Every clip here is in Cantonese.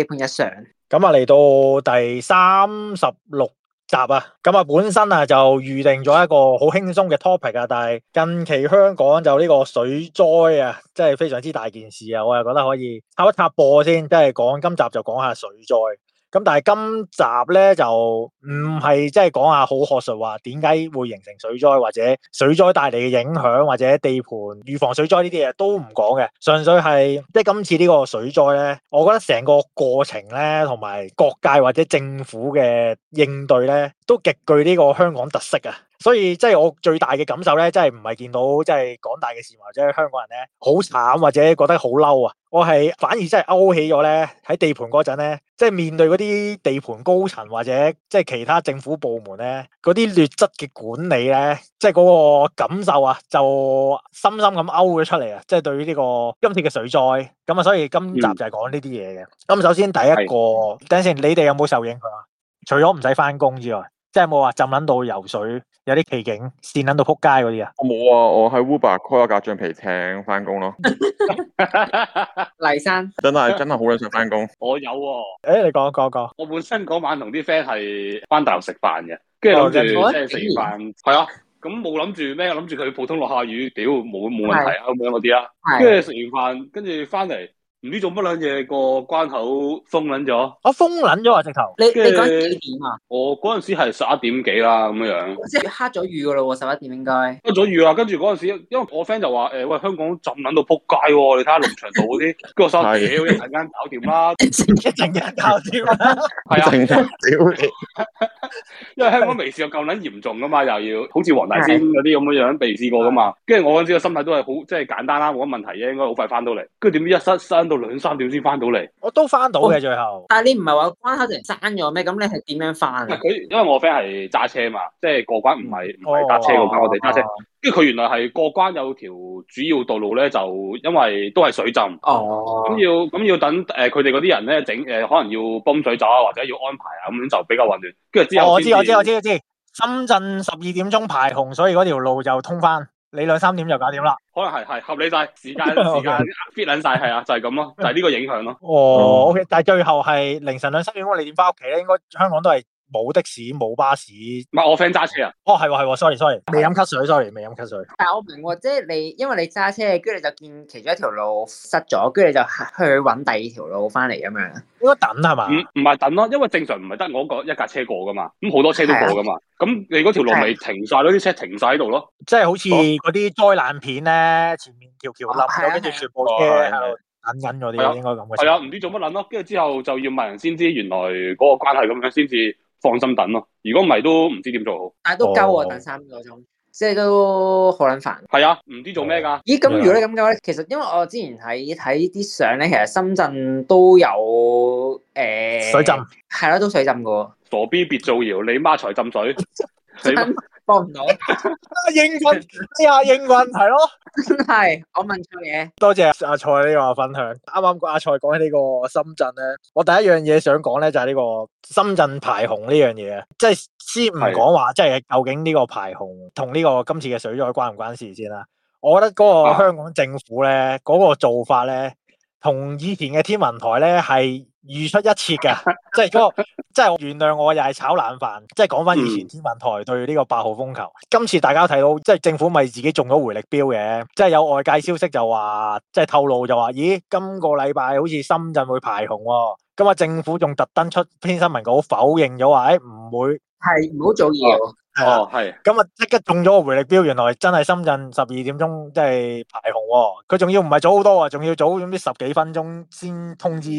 基本日常。咁啊，嚟到第三十六集啊，咁啊，本身啊就預定咗一個好輕鬆嘅 topic 啊，但係近期香港就呢個水災啊，真係非常之大件事啊，我又覺得可以插一插播先，即係講今集就講下水災。咁但係今集咧就唔係即係講下好學術，話點解會形成水災，或者水災帶嚟嘅影響，或者地盤預防水災，呢啲嘢都唔講嘅，純粹係即係今次呢個水災咧，我覺得成個過程咧，同埋各界或者政府嘅應對咧，都極具呢個香港特色啊！所以即係、就是、我最大嘅感受咧，即係唔係見到即係港大嘅市民或者香港人咧好慘或者覺得好嬲啊！我係反而真係勾起咗咧喺地盤嗰陣咧，即係面對嗰啲地盤高層或者即係其他政府部門咧嗰啲劣質嘅管理咧，即係嗰個感受啊，就深深咁勾咗出嚟啊！即係對於呢個今次嘅水災咁啊，所以今集就係講呢啲嘢嘅。咁、嗯、首先第一個是等 a n 你哋有冇受影響？除咗唔使翻工之外。即係冇話浸捻到游水，有啲奇景，跣捻到撲街嗰啲啊？我冇啊，我喺 Uber 開架橡皮艇翻工咯。黎生真係真係好想翻工。 我有誒、哦欸，你講講講。我本身嗰晚同啲 friend 係翻大油食飯嘅，跟住即係食完飯，係啊，咁冇諗住咩，諗住佢普通落下雨，屌冇冇問題啊咁樣嗰啲啊，跟住食完飯，跟住翻嚟。唔知做乜捻嘢個關口封捻咗，我封捻咗啊！直頭，你你講幾點啊？ 我嗰陣時係十一點幾啦，咁樣樣，即係黑咗雨噶啦，十一點應該黑咗雨啊！跟住嗰陣時，因為我 friend 就話誒、欸，喂，香港浸捻到撲街喎，你睇下農場道嗰啲，跟住我心，係 對，一陣間搞掂啦， 一陣間搞掂啦，係 對啊，屌你，因為香港微試又咁捻嚴重噶嘛，又要好似黃大仙嗰啲咁樣樣未試的過噶嘛，跟住我嗰陣時個心態都係好即係簡單啦，冇乜問題嘅，應該好快翻到嚟。跟住點知一失身。到兩三點先翻到嚟，我都翻到嘅最後。但係你唔係話關口就閂咗咩？咁你係點樣翻？佢因為我 friend 係揸車嘛，即係過關唔係唔係搭車過關，我哋揸車。跟住佢原來係過關有條主要道路咧，就因為都係水浸哦，咁要咁要等誒，佢哋嗰啲人咧整誒、呃，可能要泵水走啊，或者要安排啊，咁就比較混亂。跟住之後、哦、我知我知我知我知、知，深圳十二點鐘排洪，所以嗰條路就通翻。你兩三點就搞掂啦，可能係係合理晒時間時間 fit 緊晒係啊，就係咁咯，就係、是、呢個影響咯。 哦，O okay , K、嗯、但係最後係凌晨兩三點，咁你點翻屋企咧？應該香港都係。冇的士，冇巴士，唔係我 friend 揸車啊！哦，係喎，係喎，sorry，sorry，未飲咳水，sorry，未飲咳水。但係我明喎，即係你，因為你揸車，跟住你就見其中一條路塞咗，跟住你就去搵第二條路翻嚟咁樣。應該等係嘛？唔唔係等咯，因為正常唔係得我一個一架車過噶嘛，咁好多車都過噶嘛。咁你嗰條路咪停晒咯，啲車停晒喺度咯。即係好似嗰啲災難片咧，前面條橋冧，跟住全部車等緊嗰啲咯，應該咁嘅。係啊，唔知做乜撚咯，跟住之後就要問人先知，原來嗰個關係咁樣先至。放心等咯、啊，如果唔係都唔知點做好。但係都夠啊，哦、等三個鐘，即係都好撚煩。係啊，唔知做咩㗎？咦，咁、啊、如果你咁嘅話咧，其實因為我之前睇睇啲相咧，其實深圳都有誒、呃、水浸，係啦、啊，都水浸嘅。傻逼，別造謠，你媽才浸水。過唔到，英運、 哎、呀，英運係咯，係 我問錯嘢。多謝阿蔡呢個分享，啱啱阿蔡講起呢個深圳咧，我第一樣嘢想講咧就係、是、呢個深圳排洪呢樣嘢啊，即係先唔講話，即係究竟呢個排洪同呢個今次嘅水災關唔關事先啦？我覺得嗰個香港政府咧，嗰、啊、個做法咧。同以前嘅天文台咧，係如出一轍嘅， 即係嗰個，即係原諒我又係炒冷飯，即係講翻以前天文台對呢個八號風球。嗯、今次大家睇到，即係政府咪自己中咗回力鏢嘅，即係有外界消息就話，即係透露就話，咦，今個禮拜好似深圳會排洪，哦，咁啊政府仲特登出篇新聞稿否認咗話，誒、欸、唔會，係唔好做嘢。哦，係，咁啊，嗯，即刻中咗個回力鏢，原來真係深圳十二點鐘即係排洪，哦，佢仲要唔係早好多啊，仲要早，早咗啲十幾分鐘先通知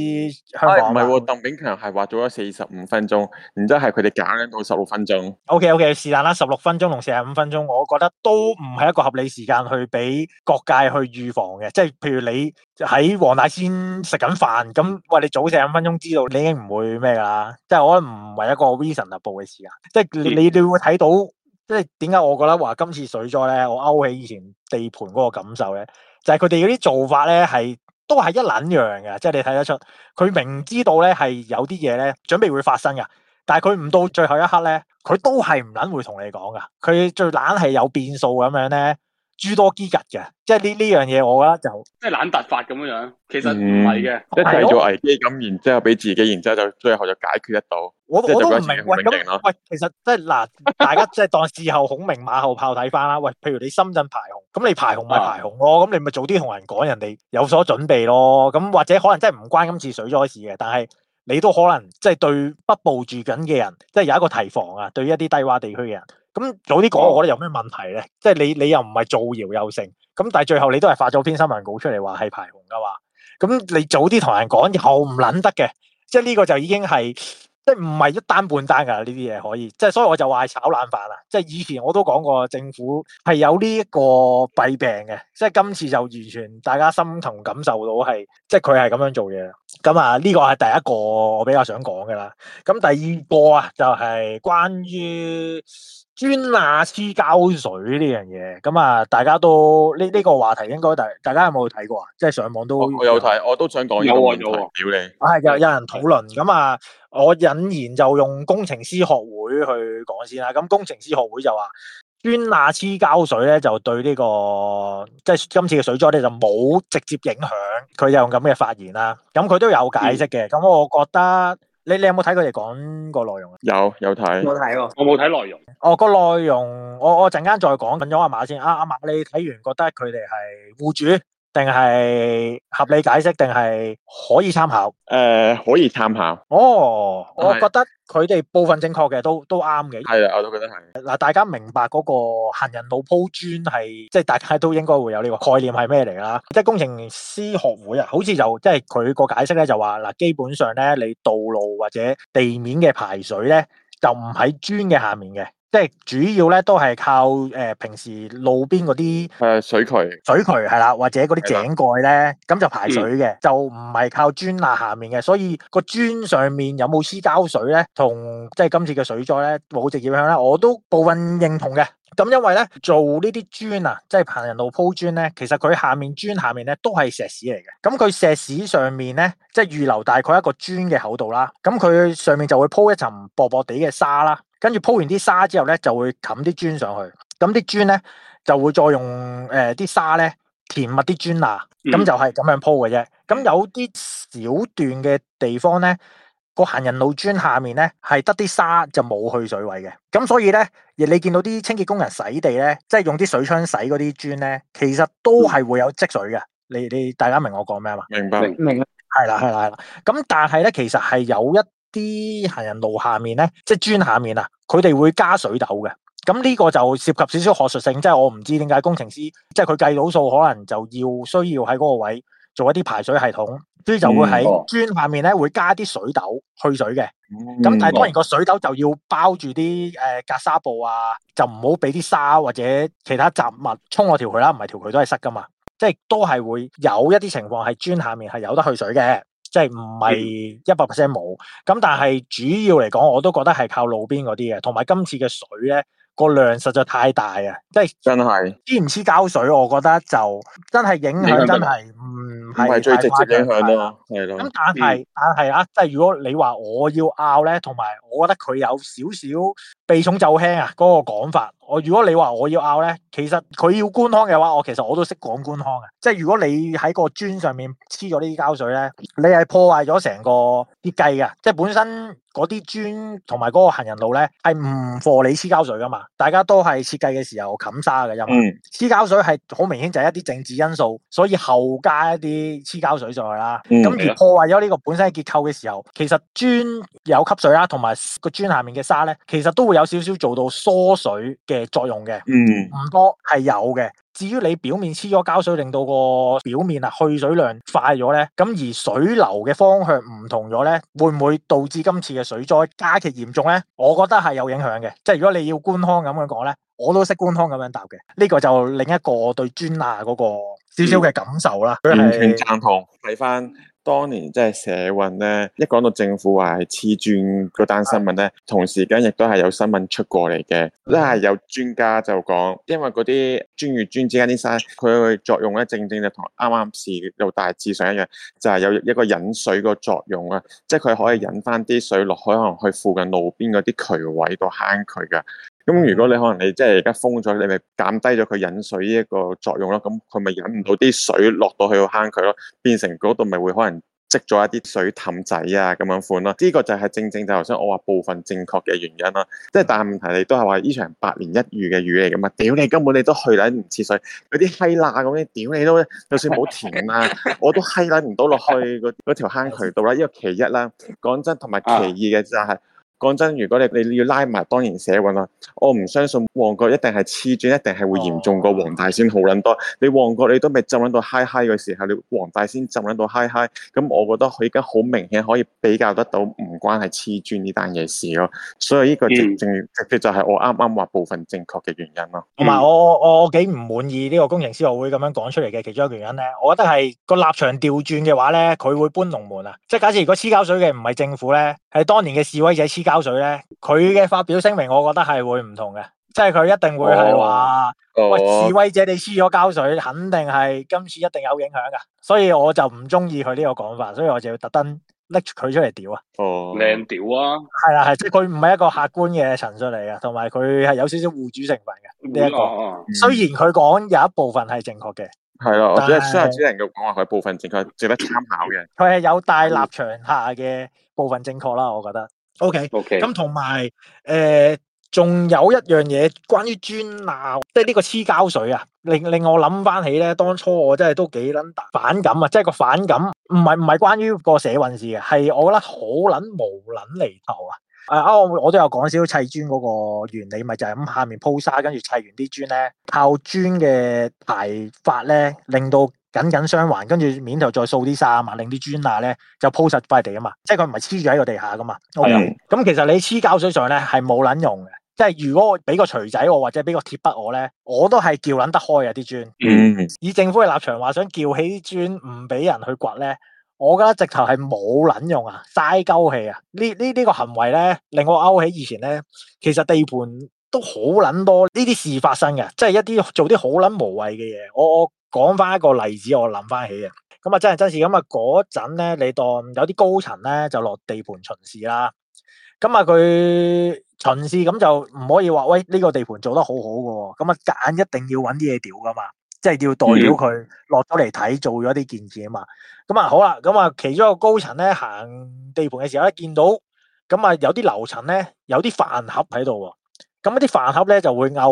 香港。唔係喎，鄧，嗯、炳強係話早咗四十五分鐘，然之後係佢哋揀到十六分鐘。O K O K，是但啦，十六分鐘同四十五分鐘，我覺得都唔係一個合理時間去俾各界去預防嘅，即係譬如你喺黃大仙食緊飯，咁話你早四十五分鐘知道，你已經唔會咩噶啦，即係我覺得唔係一個 reasonable 嘅時間，即係你你會睇。到即係點解我覺得話今次水災咧，我勾起以前地盤嗰個感受咧，就係佢哋嗰啲做法咧係都係一撚樣嘅，即係你睇得出，佢明知道咧係有啲嘢咧準備會發生㗎，但係佢唔到最後一刻咧，佢都係唔撚會同你講㗎，佢最撚係有變數咁樣咧。諸多機格嘅，即係呢呢樣嘢，我覺得就即係懶突發咁樣樣，其實唔係嘅，嗯、即係製造危機咁，然之後俾自己，然之後就最後就解決得到。我我都唔明喂，咁喂，其實即係嗱， 大家即係當事後孔明馬後炮睇翻啦。喂，譬如你深圳排洪，咁你排洪咪排洪咯，咁、啊、你咪早啲同人講，人哋有所準備咯。咁或者可能真係唔關今次水災事嘅，但係你都可能即係、就是、對北部住緊嘅人，即、就、係、是、有一個提防啊，對於一啲低窪地區嘅人。咁早啲講，我覺得有咩問題咧？即係你你又唔係造謠又成，咁但係最後你都係發咗篇新聞稿出嚟，話係排洪噶話，咁你早啲同人講，以後唔捻得嘅，即係呢個就已經係即係唔係一單半單噶啦，呢啲嘢可以，即係所以我就話係炒冷飯啦。即係以前我都講過，政府係有呢一個弊病嘅，即係今次就完全大家心同感受到係，即係佢係咁樣做嘢。咁啊呢個係第一個我比較想講嘅啦。咁第二個啊就係關於。磚瓦黐膠水呢樣嘢，咁啊，大家都呢呢、這個話題，應該大家大家有冇睇過啊？即係上網都有我，我有睇，我都想講嘢。有安咗喎，屌你！係有、啊、有人討論，咁啊的的，我引言就用工程師學會去講先啦。咁工程師學會就話，磚瓦黐膠水咧就對呢、這個即係今次嘅水災咧就冇直接影響，佢就用咁嘅發言啦。咁佢都有解釋嘅，咁、嗯、我覺得。你你有冇睇佢哋講個內容啊？有有睇，冇睇喎，我冇睇內容。哦，個內容我我陣間再講，問咗阿馬先。阿、啊、阿馬，你睇完覺得佢哋係戶主？定係合理解釋，定係可以參考。誒、呃，可以參考。哦，我覺得佢哋部分正確嘅，都都啱嘅。係啊，我都覺得係。嗱，大家明白嗰個行人路鋪磚係，即係大家都應該會有呢個概念係咩嚟㗎啦。即係工程師學會啊，好似就即係佢個解釋咧，就話嗱，基本上咧，你道路或者地面嘅排水咧，就唔喺磚嘅下面嘅。即係主要咧，都係靠誒、呃、平時路邊嗰啲係水渠，水渠係啦，或者嗰啲井蓋咧，咁對了 就排水嘅，嗯、就唔係靠磚罅下面嘅，所以個磚上面有冇黐膠水咧，同即係今次嘅水災咧冇直接影響，我都部分認同嘅。咁因為咧做呢啲磚啊，即係行人路鋪磚咧，其實佢下面磚下面咧都係石屎嚟嘅。咁佢石屎上面咧，即係預留大概一個磚嘅厚度啦。咁佢上面就會鋪一層薄薄地嘅沙啦。跟住鋪完啲沙之後咧，就會冚啲磚上去。咁啲磚咧就會再用誒啲、呃、沙咧填密啲磚罅。咁、嗯、就係咁樣鋪嘅啫。咁有啲小段嘅地方咧，個行人路磚下面咧係得啲沙就冇去水位嘅。咁所以咧，而你見到啲清潔工人洗地咧，即係用啲水槍洗嗰啲磚咧，其實都係會有積水嘅。你你，你大家明我講咩嘛？明白，明白。係啦，係啦，係啦。咁但係咧，其實係有一啲行人路下面咧，即係磚下面啊，佢哋會加水斗嘅。咁呢個就涉及少少學術性，即係我唔知點解工程師，即係佢計到數，可能就要需要喺嗰個位做一啲排水系統，所以就會喺磚下面咧會加啲水斗去水嘅。咁、嗯、但係當然個水斗就要包住啲誒隔沙布啊，就唔好俾啲沙或者其他雜物沖落條渠啦，唔係條渠都係塞噶嘛。即係都係會有一啲情況係磚下面係有得去水嘅。即係唔係一百 percent 冇，咁但係主要嚟講，我都覺得係靠路邊嗰啲嘅，同埋今次嘅水咧個量實在太大啊！即係真係，知唔知膠水，我覺得就真係影響，真係唔係最直接影響咯。係咯。咁但係但係啊，即係如果你話我要拗咧，同埋我覺得佢有少少。避重就輕啊！嗰、那個講法，我如果你話我要拗咧，其實佢要官腔嘅話，我其實我都識講官腔啊！即係如果你喺個磚上面黐咗呢啲膠水咧，你係破壞咗成個設計嘅。即係本身嗰啲磚同埋嗰個行人路咧，係唔貨你黐膠水噶嘛？大家都係設計嘅時候冚沙嘅，因為黐膠水係好明顯就係一啲政治因素，所以後加一啲黐膠水上去啦。咁、mm. 而破壞咗呢個本身嘅結構嘅時候，其實磚有吸水啦、啊，同埋個磚下面嘅沙咧，其實都會有。有少少做到疏水嘅作用嘅，嗯，唔多係有嘅。至於你表面黐咗膠水，令到個表面啊去水量快咗咧，咁而水流嘅方向唔同咗咧，會唔會導致今次嘅水災加劇嚴重咧？我覺得係有影響嘅。即係如果你要官腔咁樣講咧，我都識官腔咁樣答嘅。呢、這個就另一個對磚瓦嗰個少少嘅感受啦。嗯、是完全贊同，睇返。當年即係社運咧，一講到政府話係黐磚嗰單新聞咧，同時間亦都係有新聞出過嚟嘅，都係有專家就講，因為嗰啲磚與磚之間啲沙，佢作用咧正正就同啱啱似到大致上一樣，就係、是、有一個引水個作用啊，即係佢可以引翻啲水落去可能去附近路邊嗰啲渠位度坑渠噶。咁、嗯嗯、如果你可能你即係而家封咗，你咪減低咗佢引水呢個作用咯。咁佢咪引唔到啲水落到去個坑渠咯，變成嗰度咪會可能積咗一啲水氹仔啊咁樣款咯。呢、這個就係正正就係頭先我話部分正確嘅原因啦。即係但係問題你都係話呢場百年一遇嘅雨嚟噶嘛？屌你根本你都去得唔似水，嗰啲閪罅咁樣，屌你都就算冇填啊， 我都閪得唔到落去嗰條坑渠度啦。呢、這個其一啦，講真同埋其二嘅就係、是。講真，如果你你要拉埋當年社運啊，我唔相信旺角一定係黐磚，一定係會嚴重過黃大仙好捻多。你旺角你都未浸捻到嗨嗨嘅時候，你黃大仙浸捻到嗨嗨。g 咁我覺得佢而家好明顯可以比較得到唔關係黐磚呢單嘢事咯。所以呢個正正直就係我啱啱話部分正確嘅原因咯。同埋、嗯、我我我幾唔滿意呢個工程師學會咁樣講出嚟嘅其中一個原因咧，我覺得係個立場調轉嘅話咧，佢會搬龍門啊！即係假設如果黐膠水嘅唔係政府咧，係當年嘅示威者黐膠水咧，佢嘅發表聲明，我覺得係會唔同嘅，即係佢一定會係話，哦啊、喂，示威者你黐咗膠水，肯定係今次一定有影響嘅，所以我就唔中意佢呢個講法，所以我就要特登拎佢出嚟屌啊！哦，靚屌啊！係啦，係即係佢唔係一個客觀嘅陳述嚟嘅，同埋佢係有少少護主成分嘅呢一個。嗯啊、雖然佢講有一部分係正確嘅，係啦、嗯，我只係是只能夠講話佢部分正確，值得參考嘅。佢係有大立場下嘅部分正確啦，我覺得。O K，咁同埋誒，仲有一樣嘢關於磚鬧，即係呢個黐膠水啊，令令我諗翻起咧，當初我真係都幾撚大反感啊！即係個反感，唔係唔係關於個社運事啊，係我覺得好撚無撚厘頭啊！啊、呃，我都有講少砌磚嗰個原理，咪就係咁下面鋪沙，跟住砌完啲磚咧，靠磚嘅排法咧，令到。緊緊雙環，跟住面頭再掃啲沙啊，令啲磚瓦咧就鋪實塊地啊嘛，即係佢唔係黐住喺個地下噶嘛。係。咁其實你黐膠水上咧係冇撚用嘅，即係如果我俾個錘仔我或者俾個鐵筆我咧，我都係撬撚得開啊啲磚。磚，嗯、以政府嘅立場話想撬起啲磚唔俾人去掘咧，我覺得直頭係冇撚用氣啊，嘥鳩氣啊！呢呢呢個行為咧令我勾起以前咧，其實地盤都好撚多呢啲事發生嘅，即係一啲做啲好撚無謂嘅嘢。我我。講翻一個例子，我諗翻起嘅，咁啊真係真事，咁啊嗰陣咧，你當有啲高層咧就落地盤巡視啦，咁啊佢巡視咁就唔可以話，喂，呢個地盤做得好好嘅，咁啊夾硬一定要揾啲嘢屌噶嘛，即係要代表佢落咗嚟睇做咗啲建設啊嘛，咁啊好啦，咁啊其中一個高層咧行地盤嘅時候咧，見到咁啊有啲樓層咧有啲飯盒喺度。咁啲飯盒咧就會咬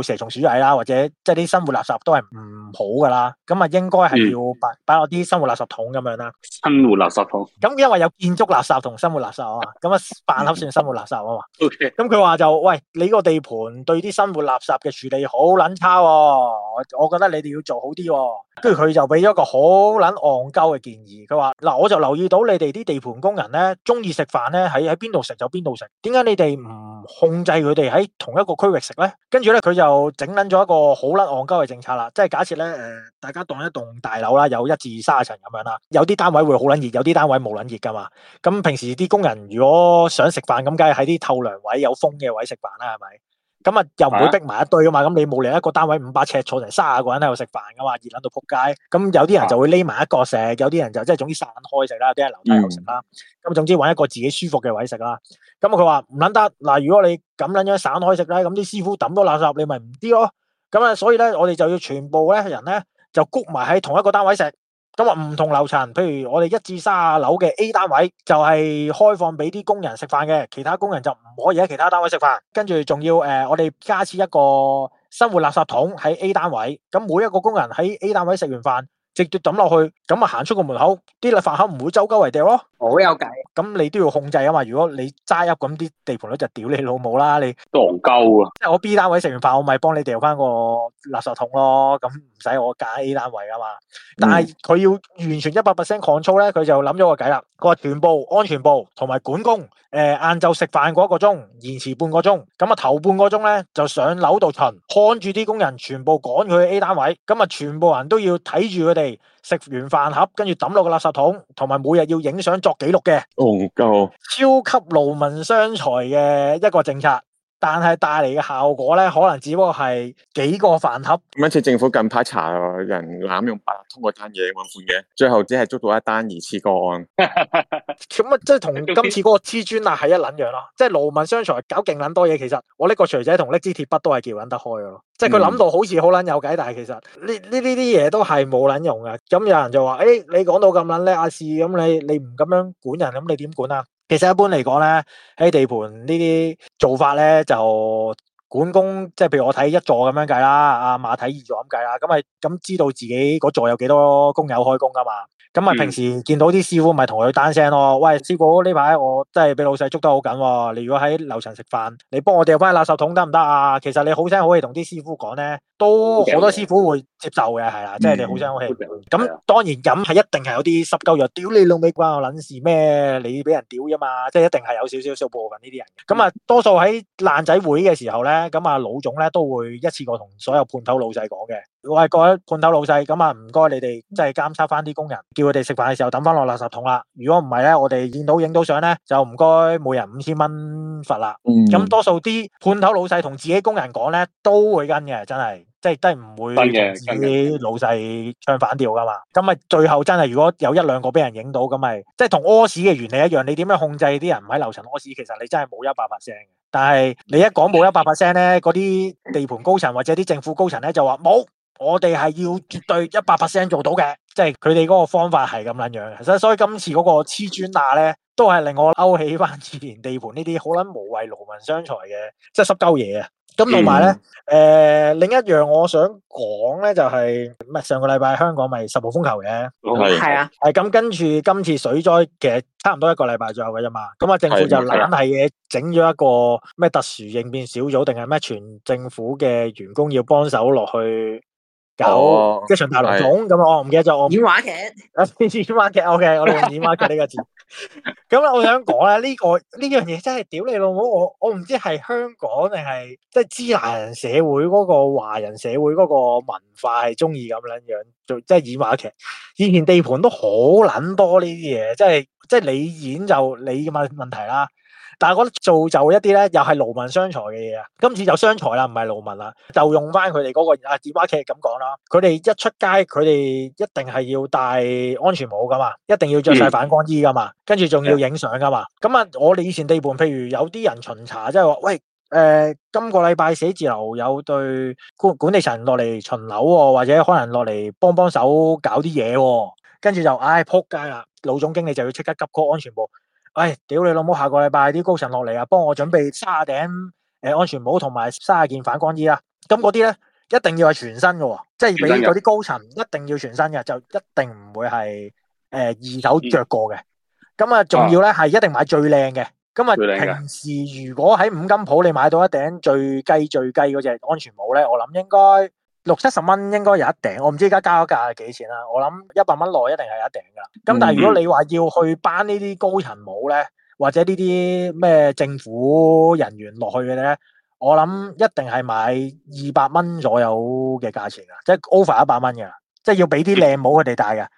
蛇蟲鼠蟻啦，或者即係啲生活垃圾都係唔好噶啦。咁啊，應該係要擺擺落啲生活垃圾桶咁樣啦。生活垃圾桶。咁、嗯、因為有建築垃圾同生活垃圾啊嘛，咁啊 飯盒算生活垃圾啊嘛。O K、 嗯。咁佢話就喂，你個地盤對啲生活垃圾嘅處理好撚差喎、哦，我覺得你哋要做好啲喎、哦。跟住佢就俾咗個好捻戇鳩嘅建議，佢話：嗱，我就留意到你哋啲地盤工人咧，中意食飯咧，喺喺邊度食就邊度食。點解你哋唔控制佢哋喺同一個區域食咧？跟住咧，佢就整捻咗一個好撚戇鳩嘅政策啦。即係假設咧，誒、呃，大家當一棟大樓啦，有一至三十層咁樣啦，有啲單位會好撚熱，有啲單位冇撚熱噶嘛。咁平時啲工人如果想食飯，咁梗係喺啲透涼位、有風嘅位食飯啦，係咪？咁啊，又唔會逼埋一堆噶嘛，咁你冇理由一個單位五百尺坐成卅個人喺度食飯噶嘛，熱捻到撲街。咁有啲人就會匿埋一個食，啊、有啲人就即係總之散開食啦，有啲人留低後食啦。咁、嗯、總之揾一個自己舒服嘅位食啦。咁佢話唔捻得，嗱、啊、如果你咁捻樣散開食咧，咁啲師傅抌到垃圾你咪唔知咯。咁啊，所以咧我哋就要全部咧人咧就谷埋喺同一個單位食。咁啊，唔同樓層，譬如我哋一至三啊樓嘅 A 單位就係、是、開放俾啲工人食飯嘅，其他工人就唔可以喺其他單位食飯。跟住仲要誒、呃，我哋加設一個生活垃圾桶喺 A 單位。咁每一個工人喺 A 單位食完飯，直接抌落去，咁啊行出個門口，啲垃圾口唔會周鳩圍掉咯。好有計，咁你都要控制啊嘛。如果你揸入 p 咁啲地盤率就屌你老母啦。你戇鳩啊！即係我 B 單位食完飯，我咪幫你掉翻個垃圾桶咯。咁唔使我架 A 單位啊嘛。但係佢要完全一百 percent control 咧，佢就諗咗個計啦。佢話全部安全部同埋管工，誒、呃，晏晝食飯嗰一個鐘延遲半個鐘，咁啊頭半個鐘咧就上樓度巡，看住啲工人全部趕佢去 A 單位，咁啊全部人都要睇住佢哋。食完飯盒，跟住抌落個垃圾桶，同埋每日要影相作記錄嘅，憨鳩，超級勞民傷財嘅一個政策。但係帶嚟嘅效果咧，可能只不過係幾個飯盒。咁一次政府近排查人濫用八達通嗰單嘢揾款嘅，最後只係捉到一單疑似個案。咁啊， 即係同今次嗰個黐磚啊係一撚樣咯。即係勞民傷財，搞勁撚多嘢。其實我呢個錘仔同呢支鐵筆都係叫撚得開㗎咯。即係佢諗到好似好撚有計，但係其實呢呢呢啲嘢都係冇撚用嘅。咁有人就話，誒、欸，你講到咁撚叻啊，事咁你你唔咁樣管人，咁你點管啊？其實一般嚟講咧，喺地盤呢啲做法咧就管工，即係譬如我睇一座咁樣計啦，阿馬睇二座咁計啦，咁係咁知道自己嗰座有幾多工友開工噶嘛。咁啊，嗯、平時見到啲師傅咪同佢單聲咯。喂，師傅呢排我真係俾老細捉得好緊。你如果喺樓層食飯，你幫我掉翻垃圾桶得唔得啊？其實你好聲好氣同啲師傅講咧，都好多師傅會接受嘅，係啦。即係你好聲好氣。咁當然飲係一定係有啲濕鳩藥，屌你老味關我撚事咩？你俾人屌啫嘛，即係一定係有少少少部分呢啲人。咁啊、嗯，多數喺爛仔會嘅時候咧，咁啊老總咧都會一次過同所有判頭老細講嘅。我係各位判頭老細，咁啊唔該你哋即係監察翻啲工人，叫佢哋食飯嘅時候抌翻落垃圾桶啦。如果唔係咧，我哋見到影到相咧，就唔該每人五千蚊罰啦。咁多數啲判頭老細同自己工人講咧，都會跟嘅，真係，即係都係唔會同自己老細唱反調噶嘛。咁啊最後真係如果有一兩個俾人影到，咁咪即係同屙屎嘅原理一樣，你點樣控制啲人唔喺樓層屙屎？其實你真係冇一百 percent。但係你一講冇一百 percent 咧，嗰啲地盤高層或者啲政府高層咧就話冇。我哋係要絕對一百 percent 做到嘅，即係佢哋嗰個方法係咁撚樣。其實所以今次嗰個黐磚罅咧，都係令我勾起翻以前地盤呢啲好撚無謂勞民傷財嘅，即係濕鳩嘢啊！咁同埋咧，誒另一樣我想講咧，就係唔係上個禮拜香港咪十號風球嘅？係啊，係咁跟住今次水災其實差唔多一個禮拜左右嘅啫嘛。咁啊，政府就懶係嘅，整咗一個咩特殊應變小組，定係咩全政府嘅員工要幫手落去。九、哦、即係陳大龍總咁啊是、哦！我唔記得咗。演話劇啊，演話劇。 o、okay, K，我哋用演話劇呢個字。咁啊、 嗯，我想講咧，呢、這個呢樣嘢真係屌你老母！我我唔知係香港定係即係支那人社會嗰、那個華人社會嗰個文化係中意咁樣樣做，即係演話劇。以前地盤都好撚多呢啲嘢，即係即係你演就你嘅問題啦。但係我覺得造就一啲咧，又係勞民傷財嘅嘢啊！今次就傷財啦，唔係勞民啦，就用翻佢哋嗰個啊電視劇咁講啦。佢哋一出街，佢哋一定係要戴安全帽噶嘛，一定要着晒反光衣噶嘛，跟住仲要影相噶嘛。咁、嗯、啊，我哋以前地盤，譬如有啲人巡查，即係話，喂，誒、呃，今個禮拜寫字樓有對管理層落嚟巡樓喎、哦，或者可能落嚟幫幫手搞啲嘢喎，跟住就，唉、哎，仆街啦！老總經理就要即刻急 call 安全部。喂，屌你老母，下個禮拜啲高層落嚟啊，幫我準備卅頂誒安全帽同埋卅件反光衣啊！咁嗰啲咧一定要係全新嘅，即係俾嗰啲高層一定要全新嘅，就一定唔會係誒二手着過嘅。咁啊，仲要咧係一定買最靚嘅。咁啊，平時如果喺五金鋪你買到一頂最雞最雞嗰隻安全帽咧，我諗應該。六七十蚊應該有一頂，我唔知而家加咗價係幾錢啦。我諗一百蚊內一定係有一頂噶。咁但係如果你話要去班呢啲高層帽咧，或者呢啲咩政府人員落去嘅咧，我諗一定係買二百蚊左右嘅價錢噶，即係 over 一百蚊嘅，即係要俾啲靚帽佢哋戴嘅。嗯、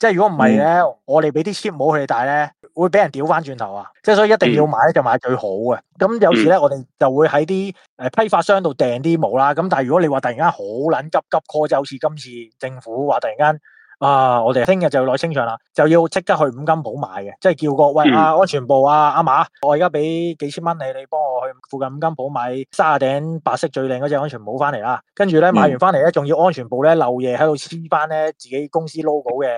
即係如果唔係咧，我哋俾啲 cheap 帽佢哋戴咧，會俾人屌翻轉頭啊！即係所以一定要買就買最好嘅。咁有時咧，我哋就會喺啲誒批發商度訂啲毛啦。咁但係如果你話突然間好撚急急 call，就好似今次政府話突然間。啊！我哋聽日就要攞清場啦，就要即刻去五金鋪買嘅，即係叫個位啊，安全帽啊，阿、啊、嫲。我而家俾幾千蚊你，你幫我去附近五金鋪買卅頂白色最靚嗰隻安全帽翻嚟啦。跟住咧買完翻嚟咧，仲要安全帽咧漏夜喺度黐翻咧自己公司 logo 嘅誒、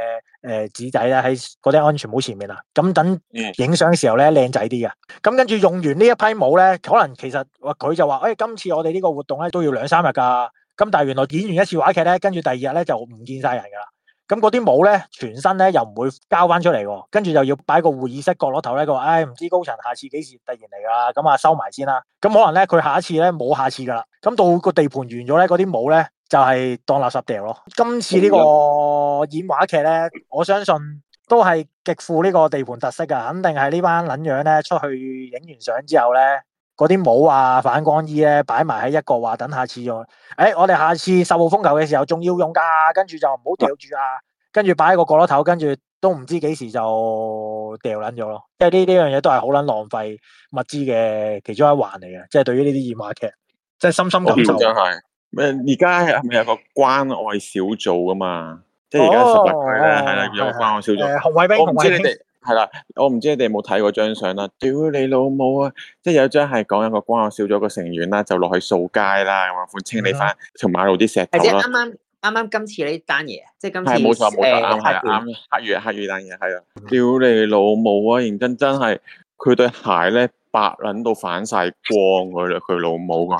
呃、紙仔啦，喺嗰頂安全帽前面啊。咁、嗯、等影相嘅時候咧靚仔啲嘅。咁跟住用完呢一批帽咧，可能其實話佢就話，誒、哎，今次我哋呢個活動咧都要兩三日噶。咁但係原來演完一次話劇咧，跟住第二日咧就唔見晒人噶啦。咁嗰啲帽咧，全身咧又唔會交翻出嚟喎，跟住又要擺個會議室角落頭咧。佢、哎、話，唉，唔知高層下次幾時突然嚟啊？咁啊，收埋先啦。咁可能咧，佢下一次咧冇下次噶啦。咁到個地盤完咗咧，嗰啲帽咧就係、係、當垃圾掉咯。今次呢個演話劇咧，我相信都係極富呢個地盤特色噶，肯定係呢班撚樣咧出去影完相之後咧。嗰啲帽啊，反光衣咧，擺埋喺一個話，等下次用。誒、哎，我哋下次十號風球嘅時候仲要用㗎，跟住就唔好掉住啊。跟住擺喺個角落頭，跟住都唔知幾時就掉撚咗咯。即係呢呢樣嘢都係好撚浪費物資嘅其中一環嚟嘅。即係對於呢啲熱話劇，即係深深感受真咩而家係咪有個關愛小組㗎、啊、嘛？哦、即係而家十八區咧，係啦，哦、的有關愛小組。誒、呃，紅衛兵同紅衛係啦，我唔知你哋有冇睇過張相啦，屌你老母啊！即係有一張係講一個光友少咗個成員啦，就落去掃街啦，咁樣款清理翻條馬路啲石頭啦。係即係啱啱啱啱今次呢單嘢，即係今次冇錯冇錯，啱係啱啦，黑雨黑雨單嘢係啊，屌你老母啊！認真真係佢對鞋咧白捻到反晒光佢啦，佢 老母啊，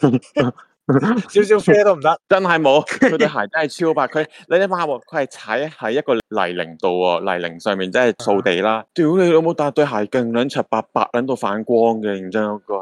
係。 少少啡都唔得，真係冇佢對鞋真係超白。佢你睇下喎，佢係踩喺一個泥濘度喎，泥濘上面真係掃地啦。屌 你老母，搭對鞋勁卵柒，白白卵到反光嘅，認真嗰個。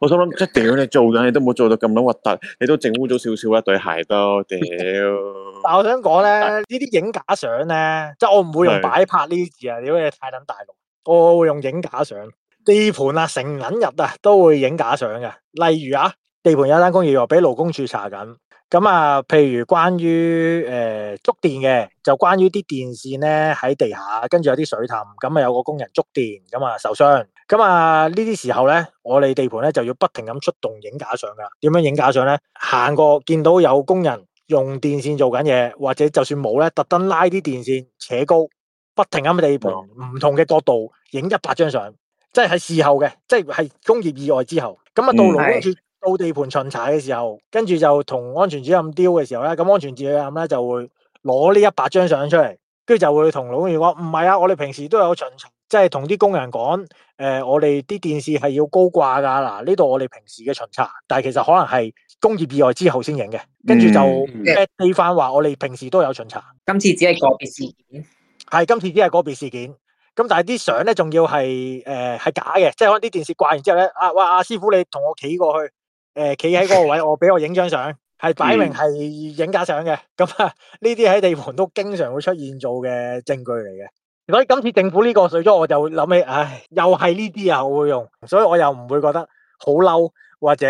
我想諗，即屌你做嘢，你都冇做到咁卵核突，你都整污咗少少一對鞋都屌。 但我想講咧，呢啲 影假相咧，即係我唔會用擺拍呢啲字啊，屌你太撚大陸，我會用影假相地盤啊，成卵日啊都會影假相嘅，例如啊。地盤有一間工業又俾勞工處查緊，咁啊，譬如關於誒觸電嘅，就關於啲電線咧喺地下，跟住有啲水氹，咁啊有個工人觸電，咁啊受傷，咁啊呢啲時候咧，我哋地盤咧就要不停咁出動影假相噶啦，點樣影假相咧？行過見到有工人用電線做緊嘢，或者就算冇咧，特登拉啲電線扯高，不停咁喺地盤唔同嘅角度影一百張相，嗯，即係喺事後嘅，即係喺工業意外之後，咁啊、嗯、到勞工處到地盤巡查嘅時候，跟住就同安全主任丟嘅時候咧，咁安全主任咧就會攞呢一百張相出嚟，跟住就會同老員講：唔係啊，我哋平時都有巡查，即係同啲工人講，誒、呃，我哋啲電視係要高掛噶。嗱，呢度我哋平時嘅巡查，但係其實可能係工業意外之後先影嘅，跟住就 back 翻話我哋平時都有巡查。嗯、對今次只係個別事件，係今次只係個別事件。咁但係啲相咧仲要係誒係假嘅，即係可能啲電視掛完之後咧，啊，哇，阿、啊、師傅你同我企過去。誒，企喺嗰個位， 我俾我影張相，係擺明係影假相嘅。咁啊，呢啲喺地盤都經常會出現做嘅證據嚟嘅。如果今次政府呢個水災，我就諗起，唉，又係呢啲啊，我會用，所以我又唔會覺得好嬲或者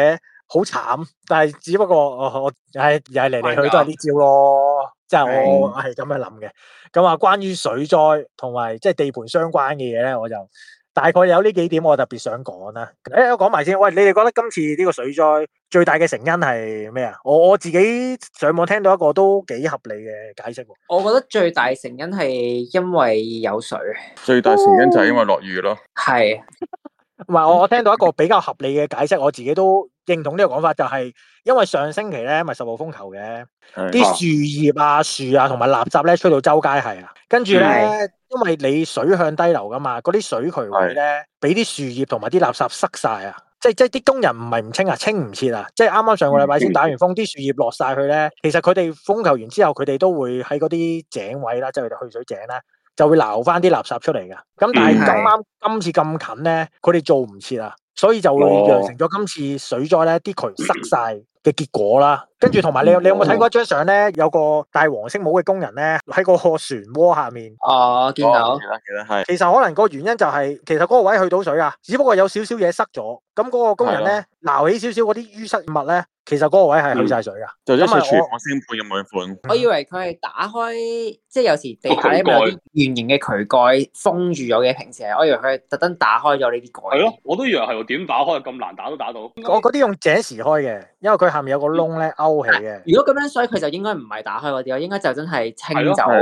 好慘。但係只不過、呃、我我唉、哎，又係嚟嚟去去都係啲招咯，即係的我係咁樣諗嘅。咁、嗯、啊、嗯，關於水災同埋即係地盤相關嘅嘢咧，我就。大概有呢幾點我特別想講啦，誒、欸，我講埋先，喂，你哋覺得今次呢個水災最大嘅成因係咩啊？我我自己上網聽到一個都幾合理嘅解釋。我覺得最大成因係因為有水，最大成因就係因為落雨咯。係、哦，同埋 我我聽到一個比較合理嘅解釋，我自己都認同呢個講法，就係、是、因為上星期咧咪十號風球嘅，啲樹葉啊樹啊同埋、啊、垃圾咧吹到周街係啊，跟住咧。嗯因為你水向低流噶嘛，嗰啲水渠位咧俾啲樹葉同埋啲垃圾塞晒啊！ 即係即係啲工人唔係唔清啊，清唔切啊！即係啱啱上個禮拜先打完風，啲樹葉落晒去咧，其實佢哋風球完之後，佢哋都會喺嗰啲井位啦，即係佢哋去水井啦，就會撈翻啲垃圾出嚟噶。咁但係咁啱今次咁近咧，佢哋做唔切啊，所以就會釀成咗今次水災咧啲渠塞晒嘅結果啦。跟住同埋你，有你有冇睇過一張相咧？有個戴黃色帽嘅工人咧，喺個漩渦下面。哦，見到。哦、其實可能個原因就係、是，其實嗰個位去到水啊，只不過有少少嘢塞咗。咁嗰個工人咧，撈的起少少嗰啲淤塞物咧，其實嗰個位係去晒水噶。就因為船先判咁樣款。我，嗯、我以為佢係打開，嗯、即係有時地下咧有啲圓形嘅渠蓋封住咗嘅平時，我以為佢係特登打開咗呢啲蓋。係咯，我都以為係喎，點打開咁難打都打到？為我嗰啲用井匙開嘅，因為佢下面有個窿咧。嗯係，如果咁樣，所以佢就應該唔係打開嗰啲咯，應該就真係清走啊。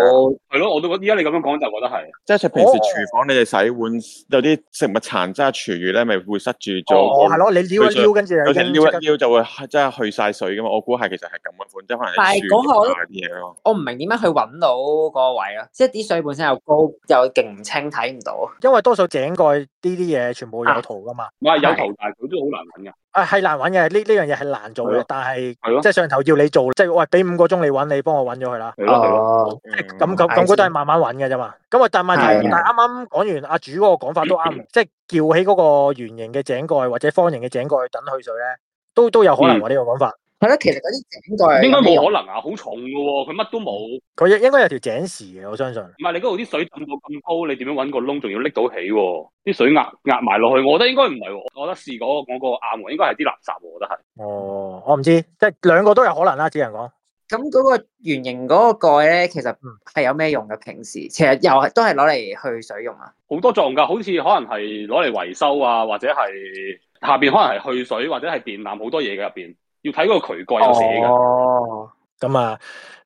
係咯，我都覺得。依家你咁樣講就覺得係，即係平時廚房你哋洗碗有啲食物殘渣廚餘咧，咪會塞住咗。哦，係咯，你撩一撩，跟住有成撩一撩就會即係去晒水噶嘛。我估係其實係咁樣款，那個，即可能。但係嗰個，我唔明點樣去搵到個位啊。即係啲水本身又高又勁唔清，睇唔到。 因為多數井蓋呢啲嘢全部有圖噶嘛。唔係有圖，但係佢都好難搵噶。對啊，係難揾嘅，呢呢樣嘢係難做嘅，但係即係上頭要你做，即係喂，俾五個鐘你揾，你幫我揾咗佢啦。咁咁咁佢都係慢慢揾嘅啫嘛。咁啊，但係問題，啊、但係啱啱講完阿、啊、主嗰個講法都啱，即係、啊、撬起嗰個圓形嘅井蓋或者方形嘅井蓋等去水咧，都都有可能喎呢個講法。嗯。係咯，其實嗰啲井蓋應該冇可能啊，好重噶、啊，佢乜都冇。佢應應該有條井匙嘅，我相信。唔係你嗰度啲水浸到咁高，你點樣搵個窿，仲要拎到起、啊？啲水壓壓埋落去，我覺得應該唔係。我覺得試過嗰嗰個暗門應該係啲垃圾，我覺得係。哦，我唔知，即係兩個都有可能啦、啊，只能講。咁嗰個圓形嗰個蓋咧，其實唔係、嗯、有咩用嘅？平時其實又係都係攞嚟去水用啊。好多作用噶，好似可能係攞嚟維修啊，或者係下邊可能係去水，或者係電纜，好多嘢嘅入邊。要睇嗰個渠蓋有寫嘅，咁、哦、啊，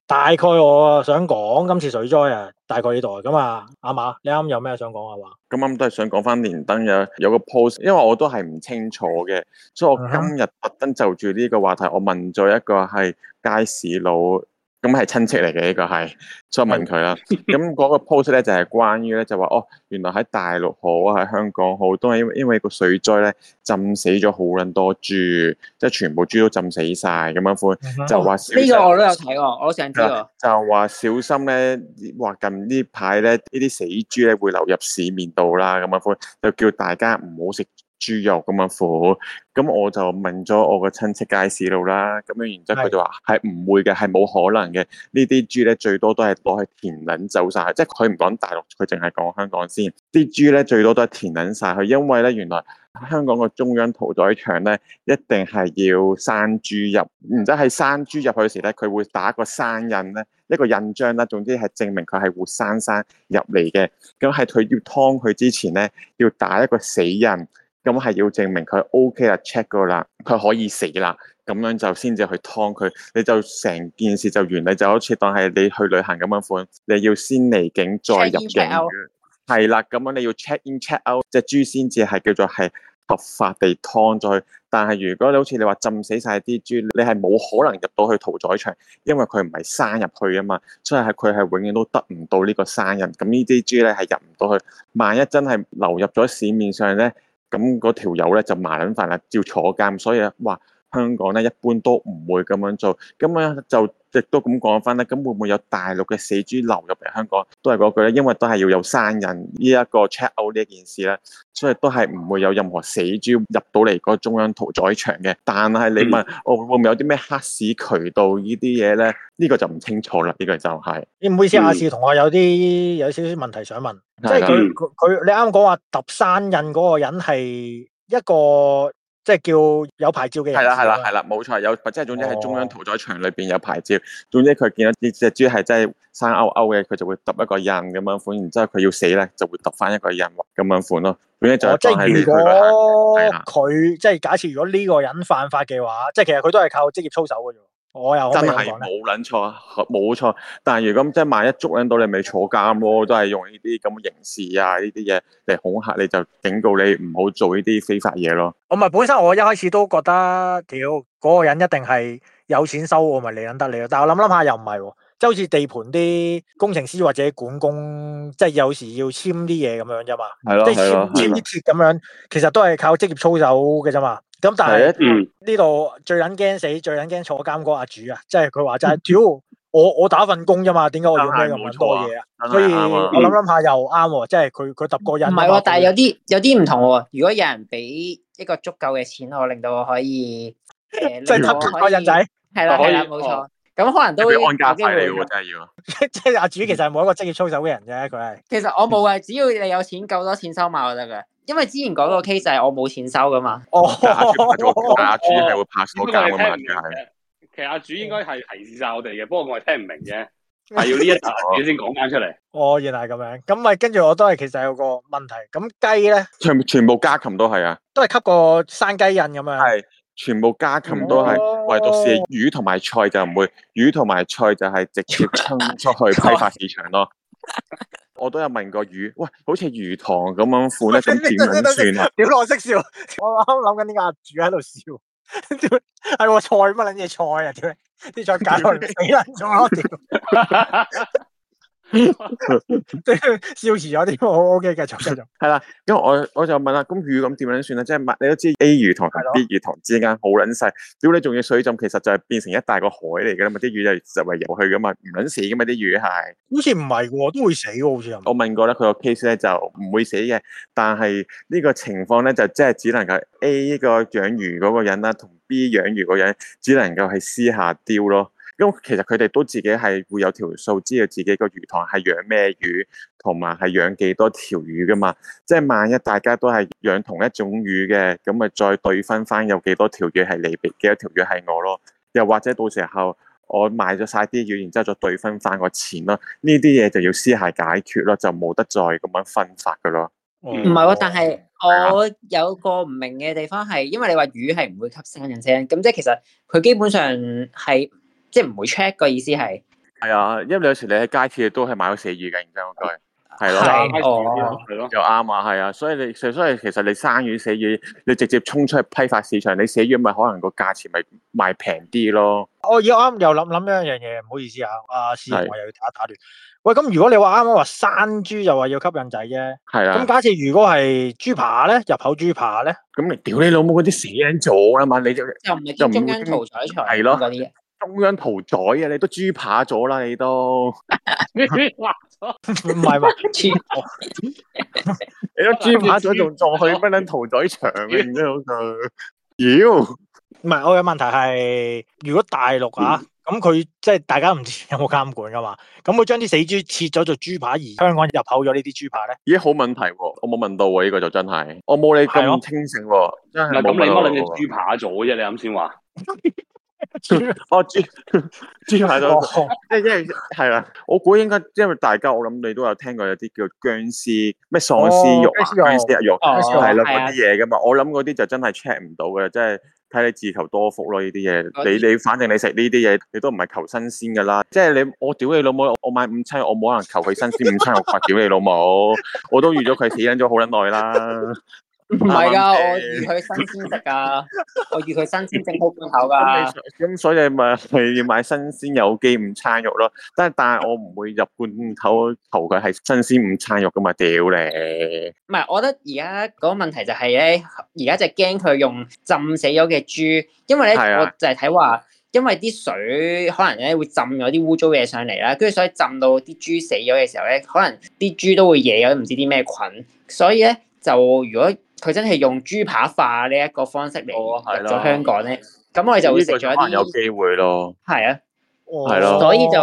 大概我想講今次水災啊，大概呢度咁啊，啱嘛？你啱有咩想講啊嘛？咁啱都係想講翻連登有有個 post，因為我都係唔清楚嘅，所以我今日特登就住呢個話題，我問咗一個係街市佬。咁係親戚嚟嘅、那個、呢個係，所以問佢啦。咁嗰個 post 咧就係關於咧就話哦，原來喺大陸好啊，喺香港好，都係因因為個水災咧浸死咗好撚多豬，即係全部豬都浸死晒咁樣款。就話呢個我都有睇過，我成知啊。就話小心咧，話近，近呢排咧呢啲死豬咧會流入市面度啦，咁樣款，就叫大家唔好食。豬肉咁樣苦，咁我就問咗我個親戚街市路啦，咁樣然之後佢就話係唔會嘅，係冇可能嘅。呢啲豬咧最多都係攞去填鈴走晒。即係佢唔講大陸，佢淨係講香港先。啲豬咧最多都係填鈴晒。佢，因為咧原來香港個中央屠宰場咧一定係要生豬入，然之後喺生豬入去時咧，佢會打一個生印咧，一個印章啦，總之係證明佢係活生生入嚟嘅。咁喺佢要劏佢之前咧，要打一個死印。咁係要證明佢 OK 啦，check 過啦，佢可以死啦，咁樣就先至去劏佢，你就成件事就完。你就好似當係你去旅行咁樣款，你要先離境再入境，係啦，咁樣你要 check in check out，隻豬先至係叫做係合法地劏咗佢。但係如果你好似你話浸死晒啲豬，你係冇可能入到去屠宰場，因為佢唔係生入去啊嘛，所以係佢係永遠都得唔到呢個生人。咁呢啲豬咧係入唔到去，萬一真係流入咗市面上咧。咁嗰條友咧就麻撚煩啦，照坐監，所以啊，哇！香港咧一般都唔會咁樣做，咁樣就亦都咁講翻咧，咁會唔會有大陸嘅死豬流入嚟香港？都係嗰句咧，因為都係要有生人呢、這、一個 check out 呢一件事咧，所以都係唔會有任何死豬入到嚟個中央屠宰場嘅。但係你問我會唔會有啲咩黑市渠道呢啲嘢咧？呢、這個就唔清楚啦。呢個就係你唔好意思，嗯、阿士同學有啲有少少問題想問，嗯、即係佢佢你啱講話揼生印嗰個人係一個。即係叫有牌照嘅人，係啦係啦係啦，冇錯有，即係總之喺中央屠宰場裏邊有牌照。哦、總之佢見到啲隻豬係真係生勾勾嘅，佢就會揼一個印咁樣款。然之後佢要死咧，就會揼翻一個印咁樣款咯。總之就係。哦，即係如果佢即係假設如果呢個人犯法嘅話，即係其實佢都係靠職業操守嘅啫。我又真係冇捻錯，冇錯。但係如果即係萬一捉捻到你，咪坐監咯，都係用呢啲咁嘅刑事啊呢啲嘢嚟恐嚇你，就警告你唔好做呢啲非法嘢咯。我咪本身我一開始都覺得，屌嗰個人一定係有錢收我咪你捻得你咯。但係諗諗下又唔係，即係好似地盤啲工程師或者管工，即係有時要簽啲嘢咁樣啫嘛。係咯，即係簽啲字咁樣，其實都係靠職業操守嘅啫嘛。咁但係呢度最撚驚死，最撚驚坐監嗰阿主啊！即係佢話就係、是，屌 我我打份工咋嘛？點解我要咩咁多嘢啊？所以、嗯、我諗諗下又啱喎、啊，即係佢佢揼過印。唔係喎，但係有啲有啲唔同喎、啊。如果有人俾一個足夠嘅錢，我令到我可以即係揼過印仔，係啦、嗯，係啦，冇錯。咁可能都要按價費真係要。即係阿主其實係冇一個職業操守嘅人啫，佢係。其實我冇啊，只要你有錢夠多錢收買我得噶。因為之前嗰個 case 係我冇錢收噶嘛。哦、啊啊嘛哦，哦，阿主係會拍我架嘅問嘅係，其實阿主應該係提示晒我哋嘅，不過我係聽唔明啫，係要呢一集先講返出嚟。哦，原來係咁樣。咁咪跟住我都係其實有個問題，咁雞咧，全部全部家禽都係啊，都係吸個生雞印咁樣，係、哦、全部家禽都係，唯獨是魚同埋菜就唔會，魚同埋菜就係直接衝出去批發市場咯。 我都有問過魚，喂，好似魚塘咁樣款咧，仲點 樣算啊？點我識笑？我啱啱諗緊呢個阿主喺度笑，係 我菜乜捻嘢菜啊？點呢啲再搞落嚟死人咗？笑遲咗啲，我 O K，繼續繼續。係啦，咁我我就問啦，咁魚咁點樣算咧？即係你都知 A 魚塘同 B 魚塘之間好卵細，屌你仲要水浸，其實就係變成一大個海嚟噶啦嘛。啲魚係就為游去噶嘛，唔卵死噶嘛啲魚係。好似唔係，都會死好似。我問過咧，佢個 case 咧就唔會死嘅，但係呢個情況咧就即係只能夠 A 個養魚嗰個人啦，同 B 養魚嗰人只能夠係私下丟咯。咁其實佢哋都自己係會有條數，知道自己個魚塘係養咩魚，同埋係養幾多條魚噶嘛。即係萬一大家都係養同一種魚嘅，咁咪再對分翻有幾多條魚係你，俾幾多條魚係我咯。又或者到時候我賣咗晒啲魚，然之後再對分翻個錢咯。呢啲嘢就要私下解決咯，就冇得再咁樣分法噶咯。唔係喎，啊、我但係我有個唔明嘅地方係，因為你話魚係唔會吸聲人聲，咁即係其實佢基本上係。即係唔會 check 個意思係，係啊，因為你有時你喺街市都係買到死魚嘅，認真嗰句，係咯、哎，係咯的，又啱啊，係啊、哦，所以你，所以，所以，所以，所以其實你生魚死魚，你直接衝出去批發市場，你死魚咪可能個價錢咪賣平啲咯。我而家啱又諗諗一樣嘢，唔好意思啊，阿司徒華又要打打斷。的喂，咁如果你話啱啱話生豬又話要吸引仔啫，係啊的，咁假設如果係豬扒咧，入口豬扒咧，咁你屌你老母嗰啲死人做啊嘛，你就就唔係中間屠宰中央屠宰啊！你都豬扒咗啦，你都唔係吧？切！你都豬扒咗仲再去乜捻屠宰場嘅？唔知好笑、， 哎？妖！唔係我有問題係，如果大陸啊咁佢、嗯嗯、即係大家唔知有冇監管噶嘛？咁佢將啲死豬切咗做豬扒而香港入口咗呢啲豬扒咧？咦，好問題喎！我冇問到喎、啊、呢、這個就真係我冇你咁清醒喎，了真係。唔係咁，你乜捻嘅豬扒咗啫？你啱先話。哦，豬、 uh, uh,，豬喺度，即係因為係啦，我估應該因為大家，我諗你都有聽過有啲叫僵屍咩喪屍肉啊，僵屍肉係啦嗰啲嘢噶嘛，我諗嗰啲就真係 check 唔到嘅，即係睇你自求多福咯呢啲嘢，你你反正你食呢啲嘢，你都唔係求新鮮噶啦，即係你我屌你老母，我買午餐我冇可能求佢新鮮午餐肉，我發屌你老母，我都預咗佢死緊咗好捻耐啦。唔係噶，我預佢新鮮食噶，我預佢新鮮整好罐頭噶。咁所以咪係要買新鮮有機午餐肉咯。但係但係我唔會入罐頭，求佢係新鮮午餐肉噶嘛，屌你！唔係，我覺得而家嗰個問題就係咧，而家就驚佢用浸死咗嘅豬，因為咧的我就係睇話，因為啲水可能咧會浸咗啲污糟嘢上嚟啦，跟住所以浸到啲豬死咗嘅時候咧，可能啲豬都會惹咗唔知啲咩菌，所以咧就如果佢真係用豬扒化呢一個方式嚟入咗香港咧，咁、哦、我哋就會食咗一啲。呢個有機會咯。係啊的，係咯、哦，所以就，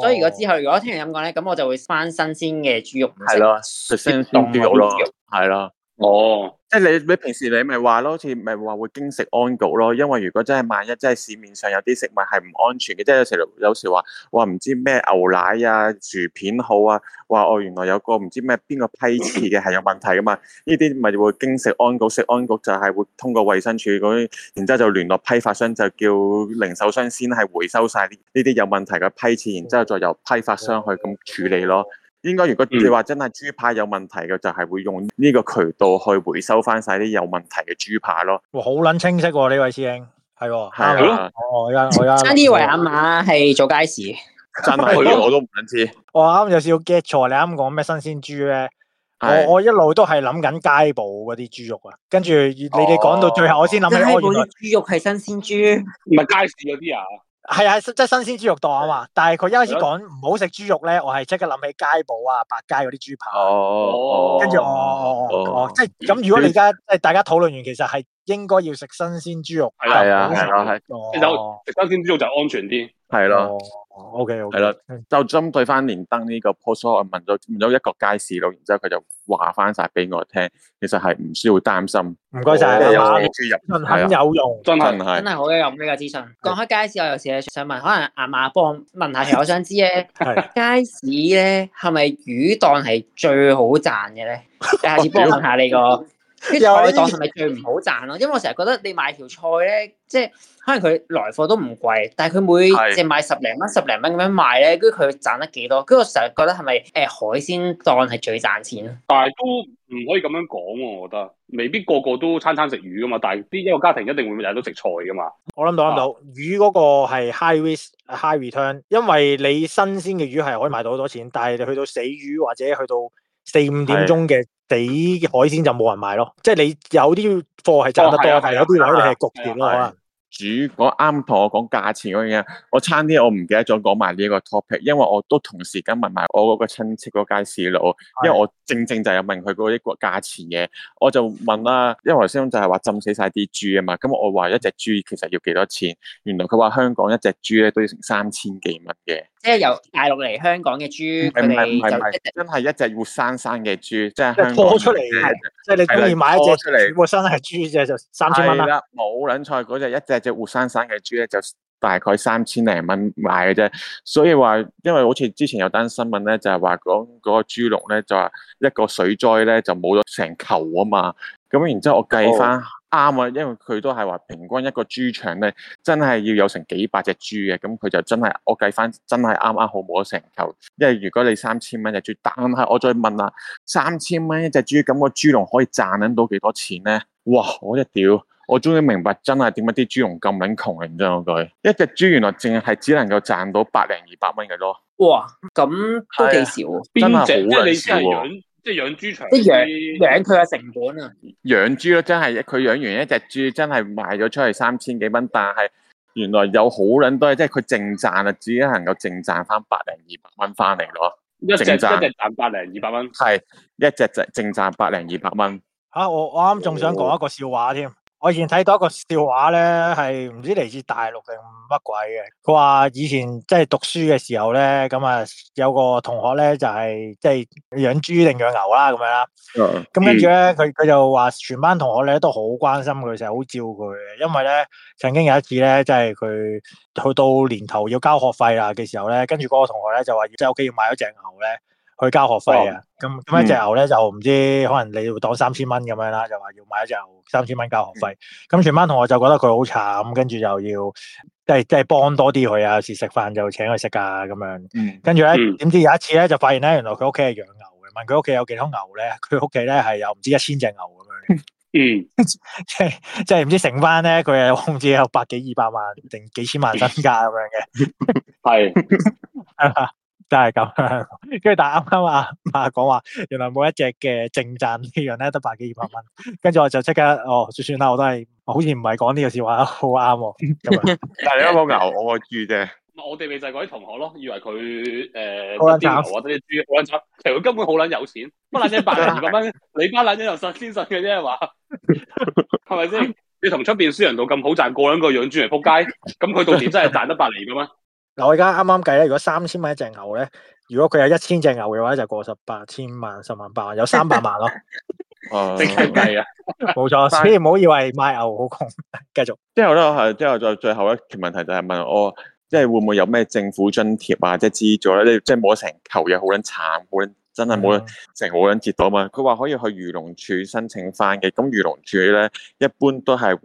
所以如果之後如果聽人咁講咧，咁我就會翻新鮮嘅豬肉食。係啦，食新鮮豬肉咯，係啦，哦。即係你，你平時你咪話咯，似咪話會經食安局咯，因為如果真係萬一真係市面上有啲食物係唔安全嘅，即係有時有時話話唔知咩牛奶啊、薯片好啊，話哦原來有個唔知咩邊個批次嘅係有問題噶嘛，呢啲咪會經食安局，食安局就係會通過衛生署嗰啲，然之後就聯絡批發商，就叫零售商先係回收晒呢呢啲有問題嘅批次，然之後再由批發商去咁處理咯。應該，如果你話真係豬扒有問題嘅，嗯、就係會用呢個渠道去回收翻晒啲有問題嘅豬扒咯。好撚清晰喎、啊、呢位師兄，係喎、啊，係咯、啊，哦，我我差啲以為呢位阿馬係做街市，真係我都唔撚知。我啱有少少 get 錯，你啱講咩新鮮豬咧？啊、我我一路都係諗緊街鋪嗰啲豬肉啊，跟住你哋講到最後，哦嗯、我先諗起我原來街鋪豬肉係新鮮豬，唔係街市嗰啲啊。係啊，即係新鮮豬肉檔啊嘛，但係佢一開始講唔好食豬肉咧，我係即刻諗起街鋪啊、百佳嗰啲豬扒。哦，跟住我，哦，即係咁。如果你而家即係大家討論完，其實係應該要食新鮮豬肉。係啊，係啊，係。其實食新鮮豬肉就安全啲。係咯，哦，OK OK，係咯了，嗯、就針對翻連登呢個 post 問咗咗一個街市佬，然之後佢就話翻晒俾我聽，其實係唔需要擔心。唔該晒你阿馬，資訊有用，真係真係好有用呢個資訊。講開街市，我有時想問，可能阿馬幫我問下其實，我想知咧 是的 街市咧係咪魚檔係最好賺嘅咧？你 下次幫我問下你個。跟啲菜檔係咪最唔好賺咯？因為我成日覺得你賣條菜咧，即係可能佢來貨都唔貴，但係佢每隻賣十零蚊，的十零蚊咁樣賣咧，跟住佢賺得幾多？跟住我成日覺得係咪誒海鮮檔係最賺錢咯？但係都唔可以咁樣講，啊，我覺得未必個個都餐餐食魚噶嘛。但係啲一個家庭一定會日日都食菜噶嘛。我諗到諗到，到啊，魚嗰個係 high risk high return，因為你新鮮嘅魚係可以賣到好多錢，但係你去到死魚或者去到四五點鐘嘅。啲海鮮就冇人買咯，即係你有啲貨係賺得多，但係有啲話你係焗住咯，可能。主我啱同我講價錢嗰樣嘢，我差啲我唔記得咗講埋呢一個 topic，因為我都同時咁問埋我嗰個親戚嗰街市佬，因為我正正就有問佢嗰一個價錢嘅，我就問啦，因為頭先就係話浸死晒啲豬啊嘛，咁我話一隻豬其實要幾多錢？原來佢話香港一隻豬咧都要成三千幾蚊嘅。即係由大陸嚟香港嘅豬，佢哋是真係一隻活生生嘅豬，即係拖出嚟，即係你鍾意買一隻活生生嘅豬，就三千蚊啦。冇撚錯，嗰隻一隻隻活生生嘅豬咧，就大概三千零蚊買嘅啫。所以話，因為好似之前有單新聞咧，就係話講嗰個豬籠咧，就話、是、一個水災咧就冇咗成球啊嘛。咁然之後我計翻。哦啱啊，因為佢都係話平均一個豬場咧，真係要有成幾百隻豬嘅，咁佢就真係我計翻真係啱啱好冇咗成頭。因為如果你三千蚊就最單，我再問下，三千蚊一隻豬，咁、個豬農可以賺得到幾多錢咧？哇！我一屌，我終於明白真係點解啲豬農咁撚窮人真嗰句。一隻豬原來淨係只能夠賺到百零二百蚊嘅咯。哇！咁都幾少，邊隻即係你即係養豬場，啲養佢嘅成本啊！養豬咯，真係佢養完一隻豬，真係賣咗出去三千幾蚊，但係原來有好撚多嘢，即係佢淨賺啊，只能夠淨賺翻百零二百蚊翻嚟咯。淨賺，一隻一隻賺百零二百蚊，係一隻淨淨賺百零二百蚊。吓、啊，我我啱仲想講一個笑話添。哦。我以前睇到一個笑話咧，係唔知嚟自大陸定乜鬼嘅。佢話以前即係讀書嘅時候咧，咁啊有個同學咧就係即係養豬定養牛啦咁樣啦。咁、啊、跟住咧，佢佢、嗯、就話全班同學咧都好關心佢，成日好照顧佢。因為咧曾經有一次咧，即係佢去到年頭要交學費啦嘅時候咧，跟住嗰個同學咧就話要即係屋企要買咗隻牛咧。去交學費啊，咁咁、oh, 一隻牛咧就唔知，可能你要當三千蚊咁樣啦，嗯、就話要買一隻牛三千蚊交學費。咁、嗯、全班同學就覺得佢好慘，跟住就要即係即係幫多啲佢啊，有時食飯就請佢食噶咁樣。跟住咧，點知有一次咧就發現咧，原來佢屋企係養牛嘅，問佢屋企有幾多牛咧，佢屋企咧係有唔知一千隻牛咁樣。嗯， 即係即係唔知成班咧，佢係控制有百幾二百萬定幾千萬身家咁樣嘅。係，真係咁，跟住但啱啱阿阿講話，原來每一隻嘅，淨賺呢樣咧得百幾二百蚊，跟住我就即刻哦算算啦，我都係，好似唔係講呢個笑話，好啱喎。嗯、 但係你一個牛，我個豬啫。 我哋未就係嗰啲同學咯，以為佢誒好牛或者豬好捻慘，其實佢根本好捻有錢，乜捻一百二百蚊，你不捻一又實先實嘅啫係嘛？係咪先？你同出邊輸人度咁好賺，個個人個養豬嚟扑街，咁佢到時真係賺得百厘噶咩？嗱我而家啱啱計咧，如果三千蚊一隻牛咧，如果佢有一千隻牛嘅話，就過十八千萬十萬八萬，有三百萬咯。哦，正計啊，冇 錯，所以唔好以為買牛好窮。繼續。之後咧係，之後再最後一條問題就係問我，即係會唔會有咩政府津貼即係資助咧？你即係冇成球嘢，好撚慘，好撚真係冇咗成，好撚折到啊嘛。佢話可以去漁農署申請翻嘅，咁漁農署咧一般都係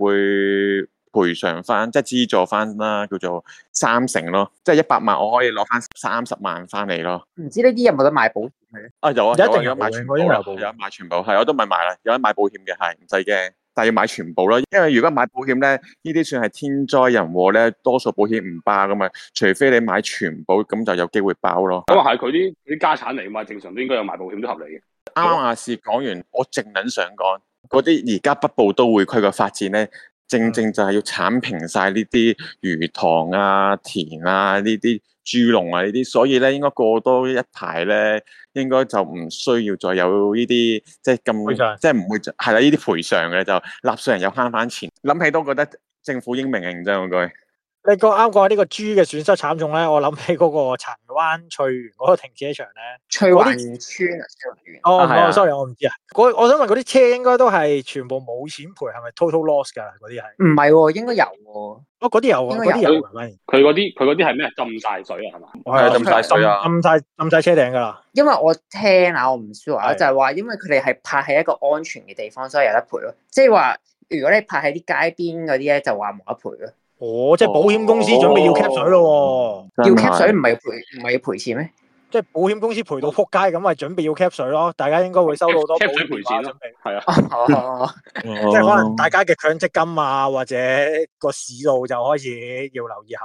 會。賠償翻，即係資助翻啦，叫做三成咯，即係一百萬，我可以攞翻三十萬翻嚟咯。唔知呢啲有冇得買保險咧？啊，有啊，一定要買全部，有買全部係，我都咪買啦。有得買保險嘅係唔使驚，但係要買全部啦。因為如果買保險咧，呢啲算係天災人禍咧，多數保險唔包噶嘛，除非你買全部咁就有機會包咯。咁啊係佢啲啲家產嚟嘛，正常都應該有買保險都合理嘅。啱話事講完，我淨撚想講嗰啲而家北部都會區嘅發展咧。正正就係要剷平晒呢啲魚塘啊、田啊呢啲豬籠啊呢啲，所以咧應該過多一排咧，應該就唔需要再有呢啲、就是、上即係咁，即係唔會係啦，呢啲賠償嘅就納稅人又慳翻錢，諗起都覺得政府英明認真，唔錯嗰句。你剛啱講呢個豬嘅損失慘重咧，我諗起嗰個柴灣翠園嗰個停車場咧，翠灣村啊，翠園。哦，sorry，我唔知啊。我想問嗰啲車應該都係全部冇錢賠，係咪 total loss 噶？嗰啲係唔係？應該有喎。哦，嗰啲有，嗰啲有。佢嗰啲，佢嗰啲係咩？浸晒水啊？係嘛？我係浸晒水啊！浸晒浸晒車頂噶啦。因為我聽啊，我唔 sure 啊，就係話因為佢哋係泊喺一個安全嘅地方，所以有得賠咯。即係話如果你泊喺啲街邊嗰啲咧，就話冇得賠咯。哦，oh, 即係保險公司準備要 cap 水咯，哦、要 cap 水唔係賠唔係要賠錢咩？即係保險公司賠到撲街，咁咪準備要 cap 水咯，大家應該會收到好多保險賠錢咯，係啊，啊啊 即係可能大家嘅強積金啊或者個市道就開始要留意下、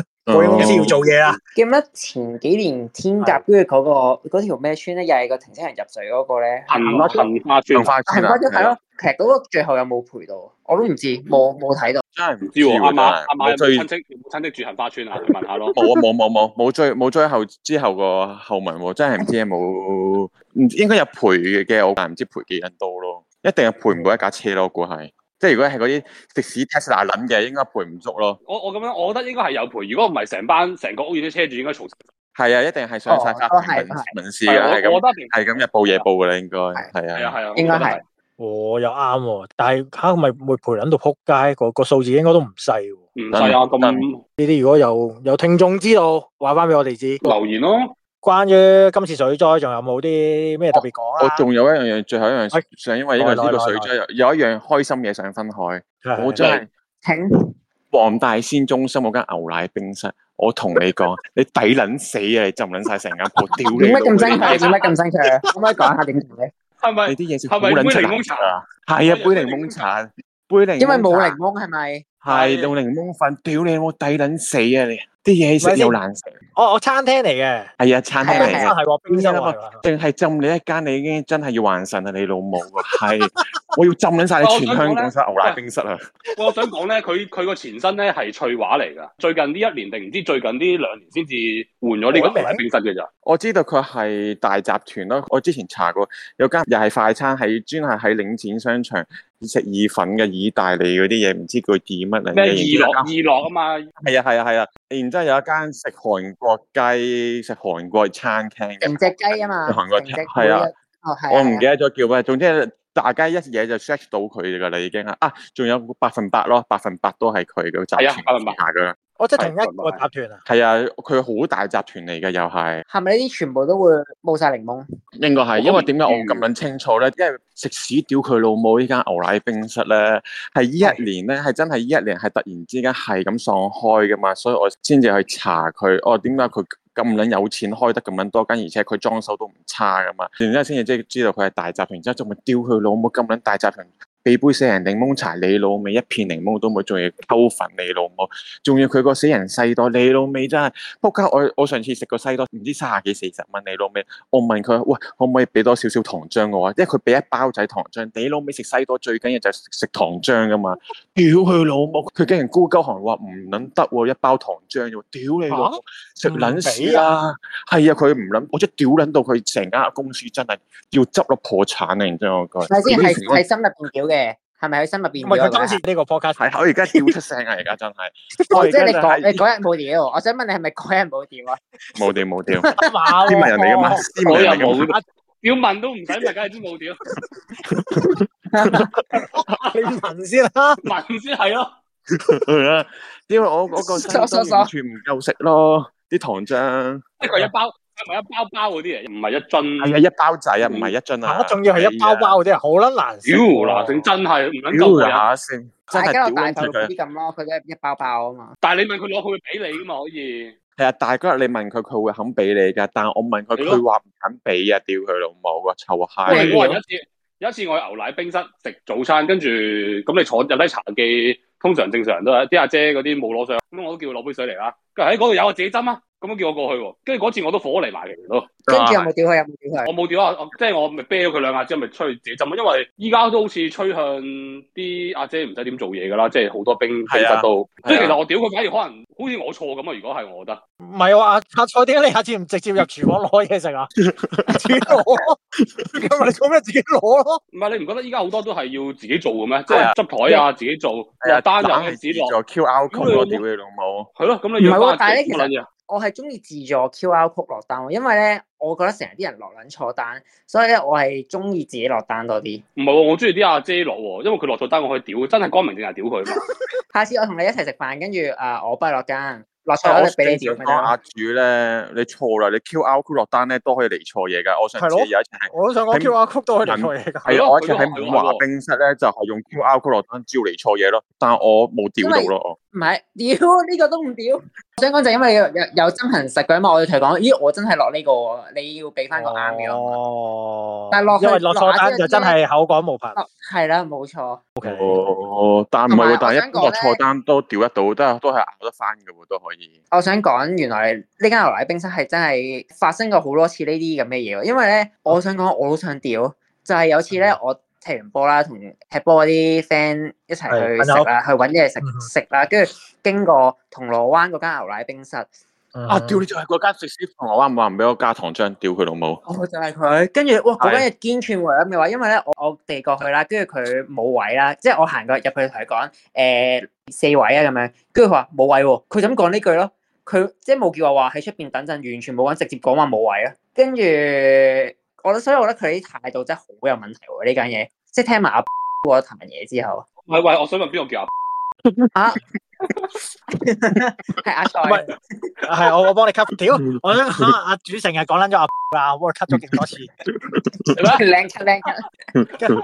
啊。 我哋公司要做嘢啦。記唔得前幾年天甲區嗰個嗰條咩村咧，又係個停車場入水嗰個咧？杏花村。杏花村係咯，其實最後有冇賠到？我都唔知，冇冇睇到。真係唔知喎。阿媽阿媽有親戚有冇親戚住杏花村啊？你問下咯。冇冇冇冇冇最冇最後之後個後文，真係唔知有冇。應該有賠嘅，我但係唔知賠幾多咯。一定係賠唔到一架車咯，估係。即係如果係嗰啲的士 Tesla 諗嘅，應該賠唔足咯。我我咁樣，我覺得應該係有賠。如果唔係成班成個屋苑啲車主應該嘈死係啊，一定係上晒法庭民事啊，係咁係咁日報夜報噶啦，應該係啊係啊，應該係。哦，我又啱喎、啊。但係哈，咪會賠卵到扑街，那個個數字應該都唔細。唔細啊，咁呢啲如果有有聽眾知道，話翻俾我哋知，留言咯、哦。關於今次水災，仲有冇啲咩特別講啊？我仲有一樣嘢，最後一樣嘢，想因為呢個呢個水災有一樣開心嘢，想分享，我真係請黃大仙中心嗰間牛奶冰室，我同你講，你抵捻死啊！你浸捻晒成間鋪，屌你老！做乜咁精確？做乜咁精確？可唔可以講下點解？係咪？你啲嘢是冇捻出嚟？係啊，杯檸檬茶，杯檸檬，因為冇檸檬係咪？係用檸檬粉，屌你我抵捻死啊你！啲嘢食又難食。哦，我餐廳嚟嘅。係啊，餐廳嚟嘅。係喎，冰室嚟。淨係浸你一間，你已經真係要還神啊！你老母啊，係。 我要浸緊晒你全香港所有牛奶冰室啊、 欸！我想講咧，佢佢個前身咧係翠華嚟噶。最近呢一年定唔知最近呢兩年先至換咗呢個牛奶冰室嘅咋？我，我知道佢係大集團咯。我之前查過，有間又係快餐，喺專係喺領展商場。食意粉嘅意大利嗰啲嘢，唔知佢點乜嚟嘅。咩意落意落啊嘛？係啊，係啊，係啊。然之後有一間食韓國雞，食韓國餐廳嘅。整隻雞啊嘛。韓國雞係啊。我唔記得咗叫咩？總之大家一嘢就 search 到佢噶啦，已經啦。啊，仲有百分百咯，百分百都係佢嘅集團之下噶。我、哦、即係同一個集團啊，係啊，佢好大集團嚟嘅又係。係咪呢啲全部都會冇晒檸檬？應該係，因為點解我咁捻清楚咧？因為食屎屌佢老母，依間牛奶冰室咧，係呢一年咧，係的真係呢一年係突然之間係咁上開嘅嘛，所以我先至去查佢。哦，點解佢咁捻有錢開得咁捻多間，而且佢裝修都唔差噶嘛？然之後先至即知道佢係大集團，之後仲咪屌佢老母咁捻大集團。俾杯死人檸檬茶，你老味一片檸檬都冇，仲要溝粉，你老母，仲要佢個死人西多，你老味真係，仆街！我我上次食個西多，唔知卅幾四十蚊，你老味，我問佢，喂，可唔可以俾多少少糖漿我啊？因為佢俾一包仔糖漿，你老味食西多最緊要就係食糖漿㗎嘛，屌佢老母！佢竟然孤鳩寒話唔撚得喎，一包糖漿喎，屌你食撚屎啊！係啊，佢唔撚，我真係屌撚到佢成間公司真係要執落破產啊！認真我講。係先心入邊屌係咪佢身入面？呢個 podcast 係 我而家叫出聲啊、 哦麼！而家真係，我即係你嗰日冇屌。我想問你係咪嗰日冇屌啊？冇屌，冇屌。黐埋人哋嘅麥，我又冇，要問都唔使問，梗係知冇屌。你問先啦，問先係咯，因為我嗰個全唔夠食咯，啲糖漿，即係一包。係咪一包包嗰啲、嗯、啊？唔係一樽。係啊，一包仔啊，唔係一樽啊。仲要係一包包嗰啲、嗯、啊，好啦難食。妖難食，呃呃、真係唔肯撳下先。大、呃呃、家有大手嗰啲咁咯，佢咧一包包啊嘛。但係你問佢攞，佢會俾你噶嘛？可以。係啊，但大日你問佢，佢會肯俾你噶。但係我問佢，佢話唔肯俾啊！屌佢老母啊！臭閪、 呃。我有一次，有一次我去牛奶冰室食早餐，跟住咁你坐入低茶記，通常正常都係啲阿姐嗰啲冇攞上。咁我都叫佢攞杯水嚟啦。佢喺嗰度有我啊，自己斟啊。咁樣叫我過去喎，跟住嗰次我都火嚟埋嚟咯。跟住有冇屌佢？有冇屌佢！我冇屌啊！即係我咪啤咗佢兩下之後，咪出去自己浸。因為依家都好似吹向啲阿姐唔使點做嘢噶啦，即係好多兵其實都。即係其實我屌佢，反而可能好似我錯咁啊！如果係我覺得，唔係話客菜點解你下次唔直接入廚房攞嘢食啊？自己攞，你做咩自己攞咯？唔係你唔覺得依家好多都係要自己做嘅咩？即係執台啊，自己做。係啊，單人自己做。咁你冇屌嘢老母。係咯，咁你唔係喎？但係咧，我係中意自助 Q R code 落單，因為咧，我覺得成日啲人落撚錯單，所以咧，我係中意自己落單多啲。唔係，我中意啲阿姐落喎，因為佢落錯單，我可以屌佢，真係光明正大屌佢。嘛 下次我同你一齊食飯，跟住誒，我不係落單，落錯是我就俾你屌佢。阿、啊、主咧，你錯啦，你 Q R code 落單咧都可以嚟錯嘢噶。我想係咯，我而家想講 Q R code 都可以嚟錯嘢噶。係我而家喺牛奶冰室咧就係用 Q R code 落單招嚟錯嘢咯，但係我冇屌到咯。唔係，屌呢、呢個都唔屌。 想講就因為有有真行實嘅嘛、哎，我就提講，咦，我真係落呢個喎，你要俾翻個啱嘅。哦。但係落，因為落錯單就真係口講無憑。係啦，冇錯。哦，但唔係喎，但一般落錯單都屌得到，都都係拗得翻嘅喎，都可以。嗯嗯、我想講，原來呢間牛奶冰室係真係發生過好多次呢啲咁嘅嘢喎，因為咧，我想講我好想屌，就係、是、有次咧我。嗯踢完波啦，同踢波啲 friend 一齊去食啦，去揾嘢食食啦，跟住經過銅鑼灣嗰間牛奶冰室。啊、mm！屌你仲係嗰間食屎！銅鑼灣唔話唔俾我加糖漿，屌佢老母！我就係佢，跟住哇嗰間嘢堅串回音嘅話，因為咧我我哋過去啦，去跟住佢冇位啦，即係我行過入去同佢講誒四位啊咁樣，跟住佢話冇位喎，佢就咁講呢句咯，佢即係冇叫我話喺出邊等陣，完全冇位，直接講話冇位啊，跟住。我所以，我覺得佢啲態度真係好有問題喎、啊！呢間嘢，即係聽埋阿譚嘢、啊、之後，喂喂，我想問邊個叫阿、啊？係 阿蔡，係我我幫你 cut 條，我諗阿阿主成日講撚咗阿阿譚 cut 咗勁多次，你話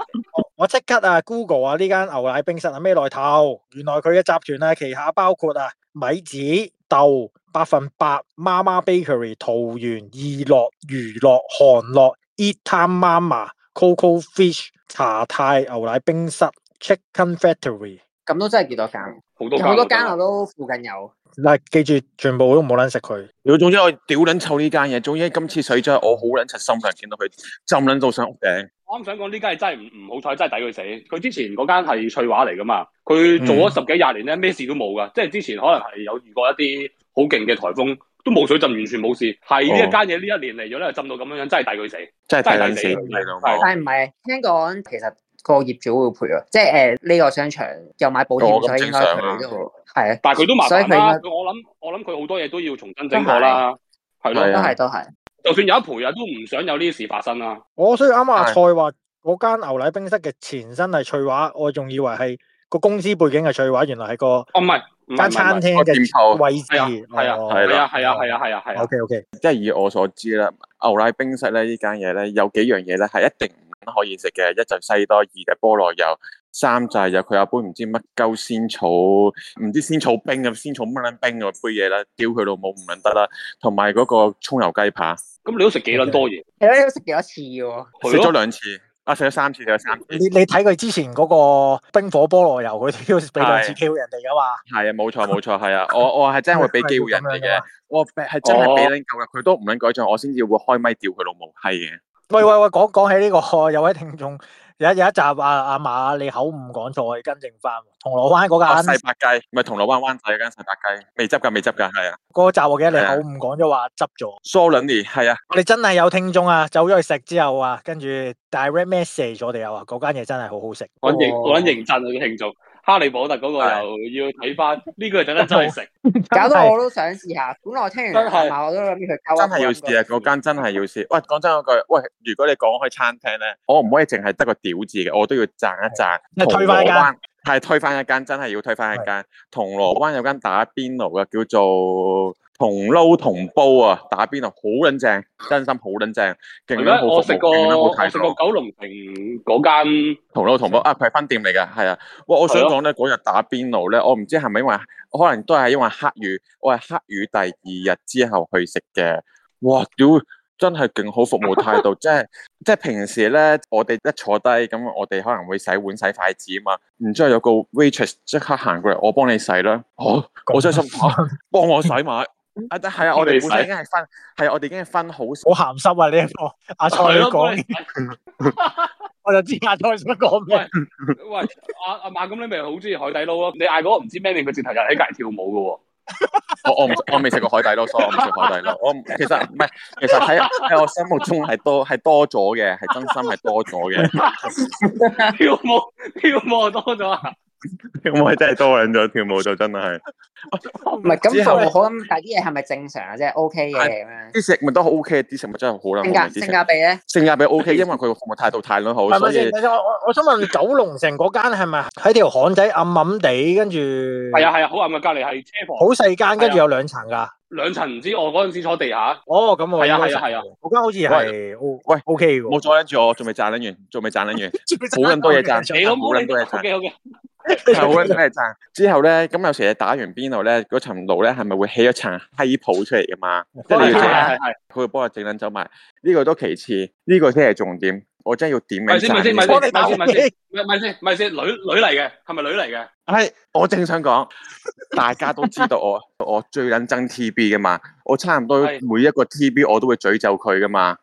我即刻啊，Google 啊，呢間牛奶冰室係、啊、咩來頭？原來佢嘅集團啊，旗下包括啊米子、豆百分百、媽媽 bakery、桃園、意樂、娛樂、韓樂。Titan Mama、Coco Fish、茶太牛奶冰室、Chicken Factory，咁都真係幾多，多間？好多間啊！都附近有。嗱，記住全部都冇卵食佢。如果總之我屌卵臭呢間嘢，總之今次水災我好卵柒心，見到佢浸卵到上屋頂。我啱想講呢間係真係唔唔好彩，真係抵佢死。佢之前嗰間係翠華嚟噶嘛？佢做咗十幾廿年咧，咩事都冇噶。即係之前可能係有遇過一啲好勁嘅台風。都冇水浸，完全冇事。係呢一間嘢，呢一年嚟咗咧，浸到咁樣樣，真係抵佢死，真係抵佢死。係，但唔係，聽講其實個業主會賠啊，即係誒呢個商場又買保險，所以應該賠。係啊，但係佢都麻煩啦。我諗我諗佢好多嘢都要重新整過啦，係啦，都係都係。就算有一賠啊，都唔想有呢啲事發生啦。我所以啱啱阿蔡話嗰間牛奶冰室嘅前身係翠華，我仲以為係個公司背景係翠華，原來係個哦唔係。間餐廳嘅位置，係、哦、啊，係啊，係、oh, 啊，係啊，係啊，係、oh, 啊。O K O K，即係以我所知啦，牛奶冰室咧呢間嘢咧有幾樣嘢咧係一定唔可以食嘅，一就西多，二就菠蘿油，三就係有佢有杯唔知乜鳩仙草，唔知仙草冰咁仙草乜卵冰杯個杯嘢啦，屌佢老母唔卵得啦，同埋嗰個葱油雞扒。咁你都食幾卵多嘢？係都食幾多次嘅？食咗兩次。 啊！食咗三次，食咗三次。你你睇佢之前嗰個冰火菠蘿油，佢都俾多次機會人哋噶嘛？係啊，冇錯冇錯，係啊， 我我係真係會俾機會人哋嘅。我係真係俾捻夠嘅，佢都唔肯改張，我先至我會開咪屌佢老母，係嘅。喂喂喂，講講起呢個，有位聽眾。有有一集啊阿馬你口誤講錯，跟正返銅鑼灣嗰間細八雞，唔係銅鑼灣灣仔嗰間細八雞，未執噶未執噶係啊。嗰集我記得你口誤講咗話執咗。Sorry 呢係啊，我哋真係有聽眾啊，走咗去食之後啊，跟住 direct message 咗我哋又話嗰間嘢真係好好食，我認我認真啊啲聽眾。哈利波特嗰個又要睇翻呢個，等得真係食，搞到我都想試下。本來聽完真係我都諗住去。真係要試啊！嗰間真係要試。喂，講真嗰句，喂，如果你講開餐廳咧，我唔可以淨係得個屌字嘅，我都要讚一讚。推翻一間，係推翻一間，真係要推翻一間。銅鑼灣有間打邊爐嘅，叫做。同撈同煲啊！打邊爐好撚正，真心好撚正，勁得好服務，勁得好態度。我食過九龍城嗰間同撈同煲啊，佢係分店嚟嘅，係啊。哇！我想講咧，嗰日的打邊爐咧，我唔知係咪因為可能都係因為黑雨，我係黑雨第二日之後去食嘅。哇！屌，真係勁好服務態度，真係 即係平時咧，我哋一坐低咁，我哋可能會洗碗洗筷子啊嘛，然之後有個 waitress 即刻行過嚟，我幫你洗啦。好、啊，我真心話，幫、啊、我洗埋。 啊！但係啊，我哋已經係分，係、嗯、的我哋已經係分好，好鹹濕啊！呢一個阿蔡你講，了 我就知阿蔡想講咩？喂，阿、啊、阿馬，咁你咪好中意海底撈咯？你嗌嗰個唔知咩名嘅前台又喺隔籬跳舞噶？ 我我我未食過海底撈，所以我唔食海底撈。我其實唔係，其實喺喺我心目中係多係多咗嘅，係真心係多咗嘅。 跳舞跳舞多咗。跳舞真係多人咗，跳舞就真係。唔係咁就好咁，但係啲嘢係咪正常啊？即係 O K 嘅。啲食物都好 O K，啲食物真係好啦。價性價比咧？性價比 O K，因為佢個服務態度太撚好，所以。我想問九龍城嗰間係咪喺條巷仔暗暗地？跟住係啊係啊，好暗啊。隔籬係車房，好細間，跟住有兩層噶。兩層唔知我嗰陣時坐地下。哦，咁我係啊係啊，我間好似係喂 O K 冇阻撚住，我仲未讚捻完，仲未讚捻完，冇咁多嘢讚，冇咁多嘢讚。好嘅，好嘅。係好真係賺。 之後咧，咁有時你打完邊爐咧，嗰層爐咧係咪會起一層閪泡出嚟噶嘛？ 即係你係係佢會幫我整捻走埋。呢、這個都其次，呢、這個先係重點。我真係要點名唔咪先咪先咪先唔先先女女嚟嘅，係咪女嚟嘅？係我正想講，大家都知道我 我最撚憎 T B 噶嘛，我差唔多每一個 T B 我都會詛咒佢噶嘛。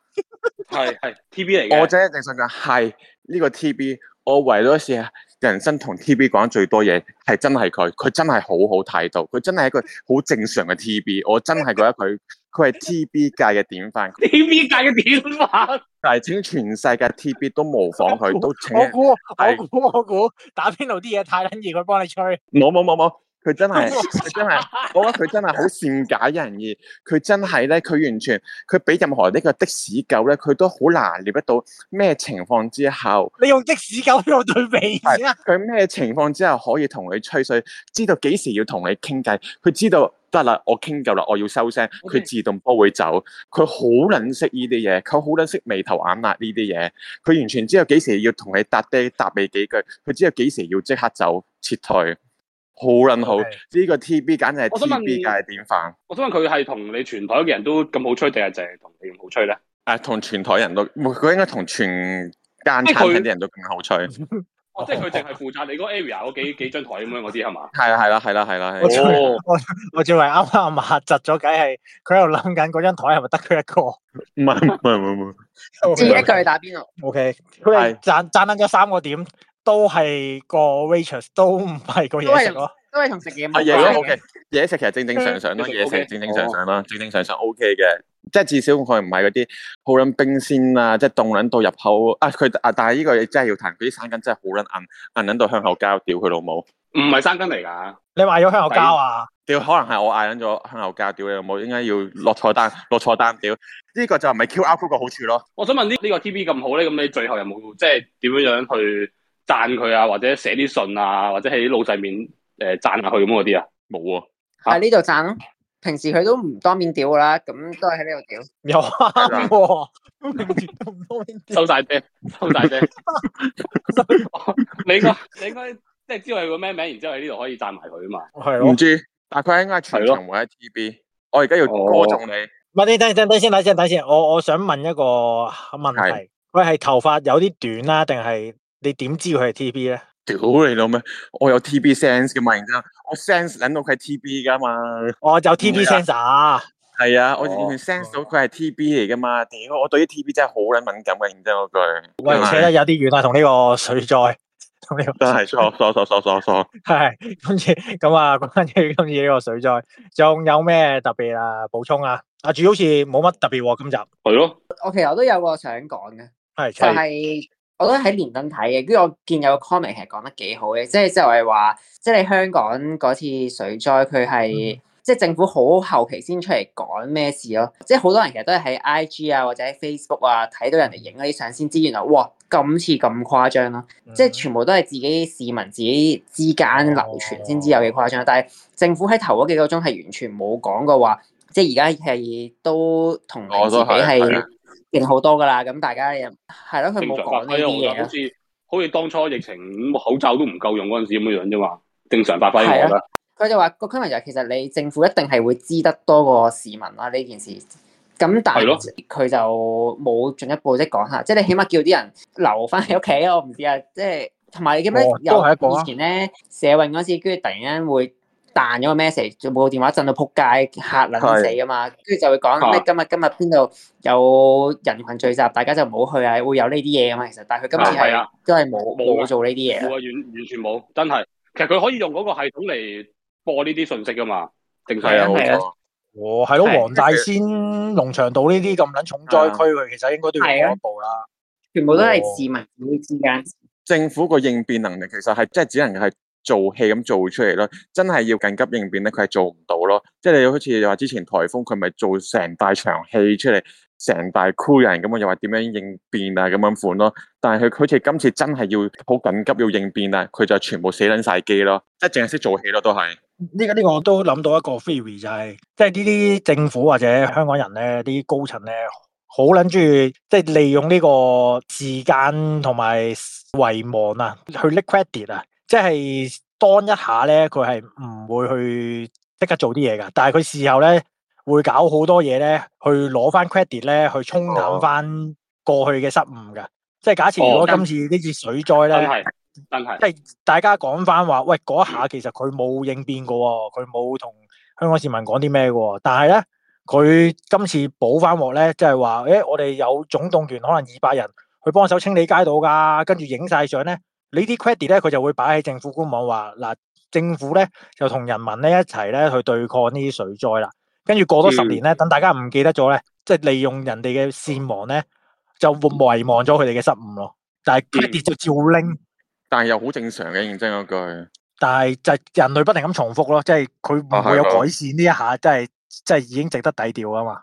係係 T B 嚟嘅，我真係一定想講係呢個 T B，我為咗試。人生同 T B 講得最多嘢係真係佢，佢真係好好態度，佢真係一個好正常嘅 T B，我真係覺得佢佢係 T B 界嘅典範，T B 界嘅典範，但係請全世界 T B 都模仿佢，我猜都我估我估我估是打邊爐啲嘢太捻易，佢幫你吹，冇冇冇冇。佢真係，佢真係，我覺得佢真係好善解人意。佢真係咧，佢完全，佢俾任何呢個的士狗咧，佢都好難料得到咩情況之後。你用的士狗俾我對比，啊，下，佢咩情況之後可以同你吹水？知道幾時要同你傾偈？佢知道得啦，我傾夠啦，我要收聲，佢 Okay. 自動波會走。佢好捻識呢啲嘢，佢好捻識眉頭眼額呢啲嘢。佢完全知道幾時要同你搭嗲搭嗲幾句，佢知道幾時要即刻走撤退。好撚好！呢個 T B 簡直係 T B 界典範。我想問佢係同你全台嘅人都咁好吹，定係淨係同你唔好吹咧？誒，同全台人都，佢應該同全間餐廳啲人都咁好吹。即係佢淨係負責你嗰 area 嗰幾幾張台咁樣嗰啲係嘛？係啦係啦係啦係啦。我最我我最為啱啱阿媽窒咗偈係，佢喺度諗緊嗰張台係咪得佢一個？唔係唔係唔係唔係。接一句打邊爐。O K。係賺賺翻咗三個點。都係個 waitress 都唔係個嘢食咯，都係同食嘢食。啊嘢咯，O K，嘢食其實正正常常咯，嘢 食正正常常啦， 正正常 正正常 O K 嘅，即係至少佢唔係嗰啲好撚冰鮮啊，即係凍撚到入口啊。佢啊，但係呢個嘢真係要彈，佢啲生根真係好撚硬，硬撚到香口膠，屌佢老母！唔係生根嚟㗎， 你嗌咗香口膠啊？屌， 可能係我嗌撚咗香口膠，屌你老母，應該要落菜單，落 菜單屌！呢、這個就唔係 Q R code 嘅好處咯？我想問呢呢個 T V 咁好咧，咁你最後有冇即係點樣樣去？讚佢啊，或者寫啲信啊，或者喺老細面誒讚下佢咁嗰啲啊？冇啊，喺呢度讚咯。平時佢都唔當面屌噶啦，咁都係喺呢度屌。有唔、嗯、 當面收晒釘，收晒釘。 你應該，你應該即係知道佢個咩名，然之後喺呢度可以讚埋佢啊嘛。係咯。唔知，大概佢喺咩全場或 T B？我而家要歌頌你。唔係、哦，你等一等，等先，等先，等先，我我想問一個問題。係是。佢係 頭髮有啲短啦，定係？你點知佢係 T B 咧？屌、哦、你老咩！我有 T B sense 嘅嘛，然之後我 sense 諗到佢係 T B 噶嘛。我就 T B sense，係啊，我完全 sense 到佢係 T B 嚟噶嘛。屌，我對於 T B 真係好撚敏感嘅，然之後嗰句喂扯得有啲遠啊，同呢個水災，個水災真係錯錯錯錯錯錯。係， 今次咁啊，關於今次呢個水災，仲有咩特別啊？補充啊，阿柱好似冇乜特別。今集係咯，我其實都有個想講嘅，係，係。我都喺連登睇嘅，跟住我見有個 comment 係講得幾好嘅，即係即係話，即係你香港嗰次水災，佢係即係政府好後期先出嚟講咩事咯，即係好多人其實都係喺 IG 啊或者喺 Facebook 啊睇到人哋影嗰啲相先知，原來哇今次咁誇張咯、啊，即係、嗯、全部都係自己市民自己之間流傳先知有幾誇張，哦、但係政府喺頭嗰幾個鐘係完全冇講過話，即係而家係都同我自己係。勁好多噶啦，咁大家又，係咯，佢冇講呢啲嘢啊，好似好似當初疫情口罩都唔夠用嗰陣時咁嘅樣啫嘛。正常發揮我覺得佢就話個 comment 就其實你政府一定係會知得多過市民啦呢件事咁，但係佢的就冇進一步即係講下，即係你起碼叫啲人留翻喺屋企。我唔知、哦、啊，即係同埋你記得又以前咧社運嗰時，跟住突然間會。彈咗個 message，做部電話震到仆街，嚇撚死啊嘛！跟住的就會講咩今日今日邊度有人群聚集，大家就唔好去啊，會有呢啲嘢啊嘛。其實，但係佢今次係的都係冇冇做呢啲嘢。完完全冇，真係。其實佢可以用嗰個系統嚟播呢啲信息㗎嘛？定啊係啊。哦，係咯，黃大仙、龍翔道呢啲咁撚重災區，佢其實應該都要一步啦。全部都係市民，冇字眼。政府個應變能力其實係即係只能係。做戲咁做出嚟咯，真係要緊急應變咧，佢係做唔到咯。即係你好似又話之前台風佢咪做成大場戲出嚟，成大 call 人咁啊，又話點樣應變啊咁樣款咯。但係佢好似今次真係要好緊急要應變啊，佢就全部死捻晒機咯，即係淨係識做戲咯，都係呢個呢個我都諗到一個 theory 就係、是，即係呢啲政府或者香港人咧，啲高層咧好捻中意即係利用呢個時間同埋遺忘啊去 liquidate 啊。即係當一下咧，佢係唔會去即刻做啲嘢噶，但係佢事後咧會搞好多嘢咧，去攞翻 credit 咧，去沖淡翻過去嘅失誤噶。即係假設如果今次呢次水災咧，哦，真係真係，即係大家講翻話，喂嗰一下其實佢冇應變過，佢冇同香港市民講啲咩嘅。但係咧，佢今次補翻鑊咧，即係話，誒我哋有總動員可能二百人去幫手清理街道㗎，跟住影晒相咧。呢啲 credit 咧，佢就會擺喺政府官網話嗱，政府咧就同人民咧一齊咧去對抗呢啲水災啦。跟住過多十年咧，等大家唔記得咗咧，即係利用人哋嘅善忘咧，就遺忘咗佢哋嘅失誤咯。但係 credit 就照拎，嗯，但係又好正常嘅。認真講句，但係就係人類不停咁重複咯，即係佢唔會有改善呢一下，即係即係已經值得低調啊嘛。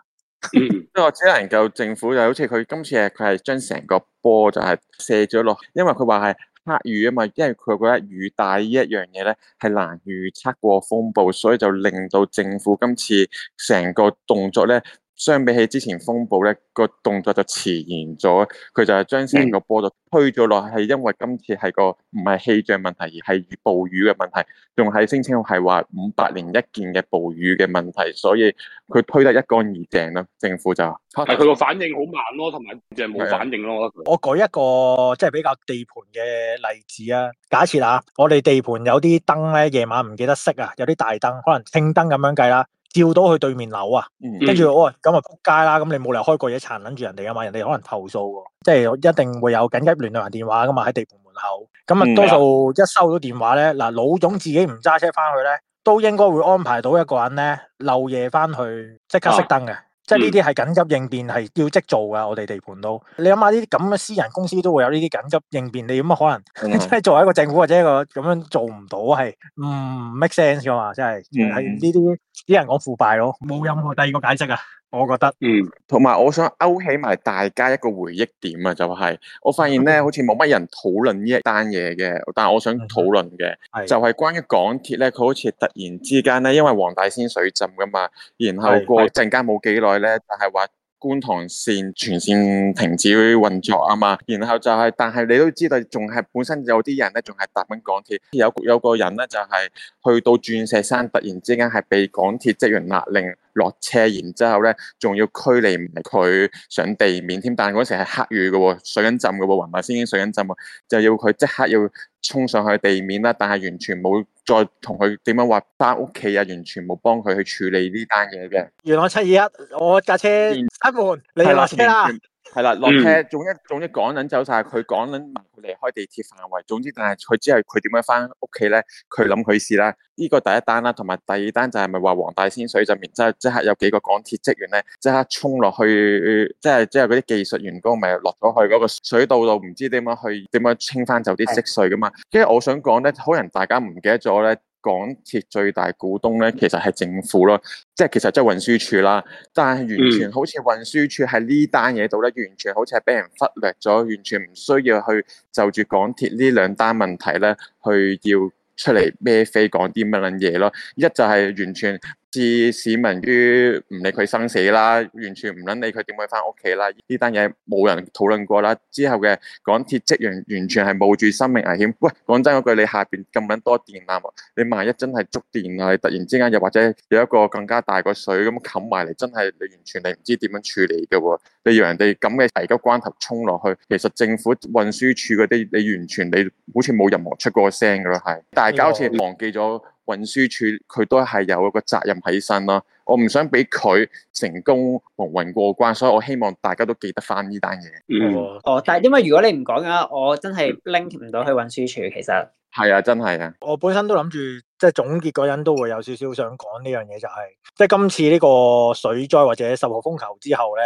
即係我只能夠政府就好似佢今次係佢係將成個波就係卸咗落，因為佢話係。測雨啊嘛，因為佢覺得雨帶呢一樣嘢咧係難預測過風暴，所以就令到政府今次成個動作咧。相比起之前風暴咧，個動作就遲延咗。佢就係將成個波就推咗落去。係因為今次係個唔係氣象問題，而係暴雨嘅問題，仲係聲稱係話五百年一見嘅暴雨嘅問題，所以佢推得一乾二淨啦。政府就係佢個反應好慢咯，同埋就冇反應咯。的我我舉一個即係比較地盤嘅例子啊。假設啊，我哋地盤有啲燈咧，夜晚唔記得熄啊，有啲大燈，可能青燈咁樣計啦。照到去對面樓啊，跟住哦，話咁啊撲街啦！咁你冇理由開個嘢殘撚住人哋啊嘛，人哋可能投訴喎，即係一定會有緊急聯絡人電話㗎嘛，喺地盤門口。咁啊多數一收到電話咧，嗱老總自己唔揸車返去咧，都應該會安排到一個人咧，漏夜返去即刻熄燈嘅。即係呢啲係緊急應變係要即做㗎，我哋地盤都，你諗下呢啲咁嘅私人公司都會有呢啲緊急應變，你咁可能、嗯、 即係作為一個政府或者一個咁樣做唔到係唔、嗯、make sense 㗎嘛，真係係呢啲啲人講腐敗咯，冇任何第二個解釋啊！我覺得嗯，同埋我想勾起埋大家一個回憶點啊，就係、是、我發現咧，Okay. 好似冇乜人討論呢一單嘢嘅，但係我想討論嘅 Okay. 就係關於港鐵咧，佢好似突然之間咧，因為黃大仙水浸噶嘛，然後過陣間冇幾耐咧，就係話。觀塘綫全綫停止運作啊嘛，然後就係、是，但係你都知道，仲係本身有啲人咧，仲係搭緊港鐵，有個有個人咧就係、是、去到鑽石山，突然之間係被港鐵職員勒令落車，然之後咧仲要驅離埋佢上地面添，但係嗰時係黑雨嘅喎、哦，水緊浸嘅喎、哦，屯馬線已經水緊浸啊，就要佢即刻要。衝上去地面啦，但係完全冇再同佢點樣話翻屋企啊！完全冇幫佢去處理呢單嘢嘅。原來七二一，我架車開門，嗯、你又落車啦。嗯。係啦，落車，總之總之趕緊走晒，佢趕緊佢離開地鐵範圍。總之但，但係佢知係佢點樣翻屋企咧，佢諗佢事啦。呢個第一單啦，同埋第二單就係咪話黃大仙水浸面，即係即刻有幾個港鐵職員咧，即刻衝落去，即係即係嗰啲技術員工咪落咗去嗰、嗰個水道度，唔知點樣去點樣清翻走啲積水噶嘛。跟住我想講咧，可能大家唔記得咗咧。港鐵最大股東咧，其實係政府咯，即係其實即係運輸署啦，但係完全好似運輸署喺呢單嘢度咧，完全好似係俾人忽略咗，完全唔需要去就住港鐵呢兩單問題咧，去要出嚟孭飛講啲乜撚嘢咯，一就係完全。置市民於唔理佢生死啦，完全唔捻理佢點樣翻屋企啦，呢單嘢冇人討論過啦。之後嘅港鐵職員完全係冒住生命危險。喂，講真嗰句，你下邊咁樣多電纜，你萬一真係觸電啊，突然之間又或者有一個更加大個水咁冚埋嚟，真係你完全你唔知點樣處理噶喎。你由人哋咁嘅危急關頭衝落去，其實政府運輸處嗰啲，你完全你好似冇任何出過聲噶咯，係。但係好似忘記咗。運輸署佢都係有一個責任喺身咯，我唔想俾佢成功蒙混過關，所以我希望大家都記得翻呢單嘢。嗯嗯、哦，但係因為如果你唔講嘅話，我真係 link 唔到去運輸署。其實係啊，真係啊。我本身都諗住即係總結嗰陣都會有少少想講呢樣嘢，就係、是、即係今次呢個水災或者十號風球之後咧，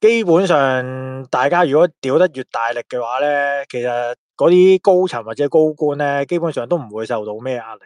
基本上大家如果屌得越大力嘅話咧，其實嗰啲高層或者高官咧，基本上都唔會受到咩壓力。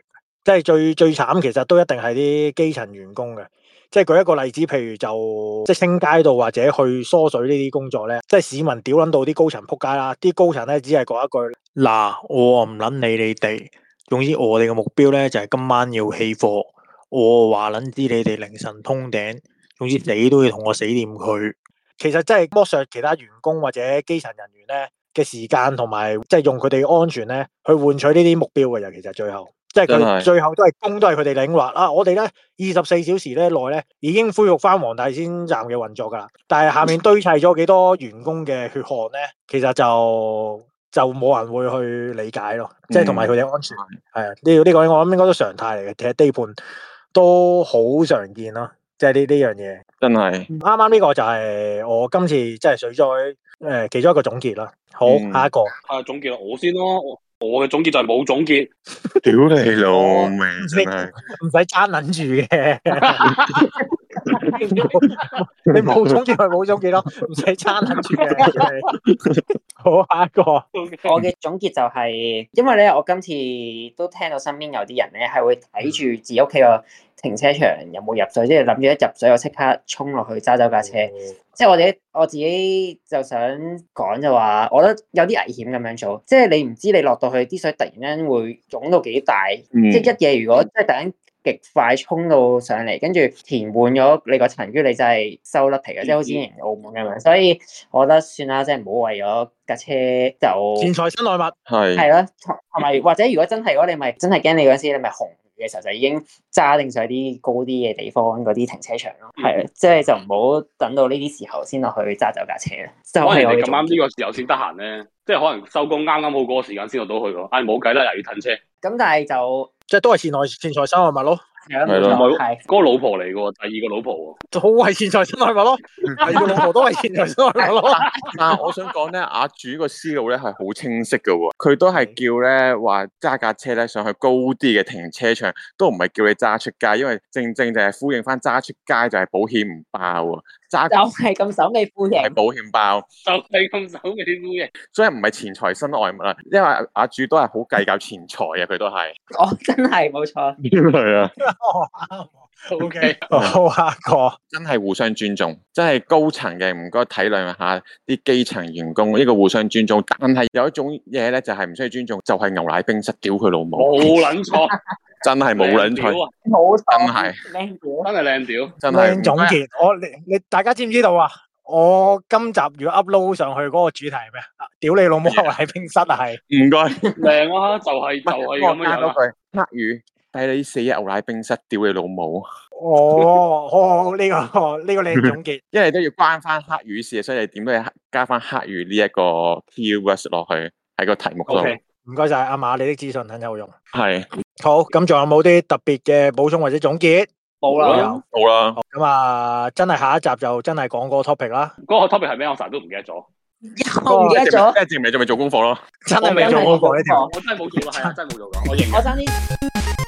即係最最慘，其實都一定係啲基層員工嘅。即係舉一個例子，譬如就即係清街道或者去疏水呢啲工作咧，即係市民屌捻到啲高層扑街啦。啲高層咧只係講一句：嗱，我唔捻理你哋。總之我哋嘅目標咧就係今晚要起貨。我話捻知你哋凌晨通頂，總之你都要同我死掂佢。嗯、其實真係剝削其他員工或者基層人員咧嘅時間，同埋即係用佢哋嘅安全咧去換取呢啲目標嘅人，其實最後。即係佢最後都係工都係佢哋領劃啦，啊，我哋咧二十四小時咧內咧已經恢復翻黃大仙站嘅運作㗎啦。但係下面堆砌咗幾多員工嘅血汗咧，其實就就冇人會去理解咯。即係同埋佢哋安全係啊，呢呢個我諗應該都常態嚟嘅，其實地盤都好常見咯。即係呢呢樣嘢真係啱啱呢個就係我今次即係水災誒，呃、其中一個總結啦。好，嗯、下一個啊總結我先咯。我嘅總結就係冇總結， 屌你老味，唔使揸捻住嘅。你冇總結咪冇咗幾多，唔使爭咁住。好，下一個，我嘅總結就係、是，因為咧我今次都聽到身邊有啲人咧係會睇住自己屋企個停車場有冇入水，即係諗住一入水我即刻衝落去揸走架車。嗯、即係我哋我自己就想講就話，我覺得有啲危險咁樣做，即係你唔知你落到去啲水突然間會腫到幾大，嗯、即係一夜如果即係突然。極快衝到上嚟，跟住填滿咗你個層，於你就係收甩皮嘅，即係好似以前澳門咁樣。所以我覺得算啦，即係唔好為咗架車就。錢財身內物，係係咯，同埋或者如果真係如果你咪真係驚你嗰陣時，你咪紅嘅時候就已經揸定上啲高啲嘅地方嗰啲停車場咯。係，即係就唔好等到呢啲時候先落去揸走架車啦。可能你咁啱呢個時候先得閒咧，即係可能收工啱啱好嗰個時間先落到去喎。哎，冇計啦，又要褪車。咁但係就。即係都係錢內錢財生，係咪囉，係啦，嗰個老婆嚟嘅喎，的第二個老婆喎。好為錢財身外物咯，係要老婆都為錢財身外物咯。但我想講咧，阿 、啊、主個思路咧係好清晰嘅喎，佢都係叫咧話揸架車咧上去高啲嘅停車場，都唔係叫你揸出街，因為正正就係呼應翻揸出街就係保險唔包揸就係咁手尾呼應，係保險包，就係咁手尾呼應。所以唔係錢財身外物啊，因為阿、啊、主都係好計較錢財嘅，佢都係。哦，真係冇錯。點嚟啊？O K，好，下一個，真係互相尊重，真係高層嘅唔該體諒下啲基層員工，呢個互相尊重。但係有一種嘢咧，就係唔需要尊重，就係牛奶冰室屌佢老母，冇捻錯，真係冇捻錯，真係靚，真係靚屌，真係靚。總結我你你大家知唔知道啊？我今集如果 upload 上去嗰個主題係咩？屌你老母牛奶冰室啊，係唔該，靚啊，就係就係咁樣樣啊，黑雨。抵你死呀，牛奶冰室屌你老母啊！哦哦，呢個呢個你總結，因為都要關翻黑雨事，所以你點都要加翻黑雨呢一個 keywords 落去喺個題目度。O K，唔該晒阿馬，你啲資訊很有用。係，好，咁仲有冇啲特別嘅補充或者總結？冇啦，冇啦。咁啊，真係下一集就真係講嗰個 topic 啦。嗰個 topic 係咩？我成日都唔記得咗，唔記得咗，即係證明仲未做功課咯。真係未做功課呢，我真係冇做過，係真係冇做過，我認。我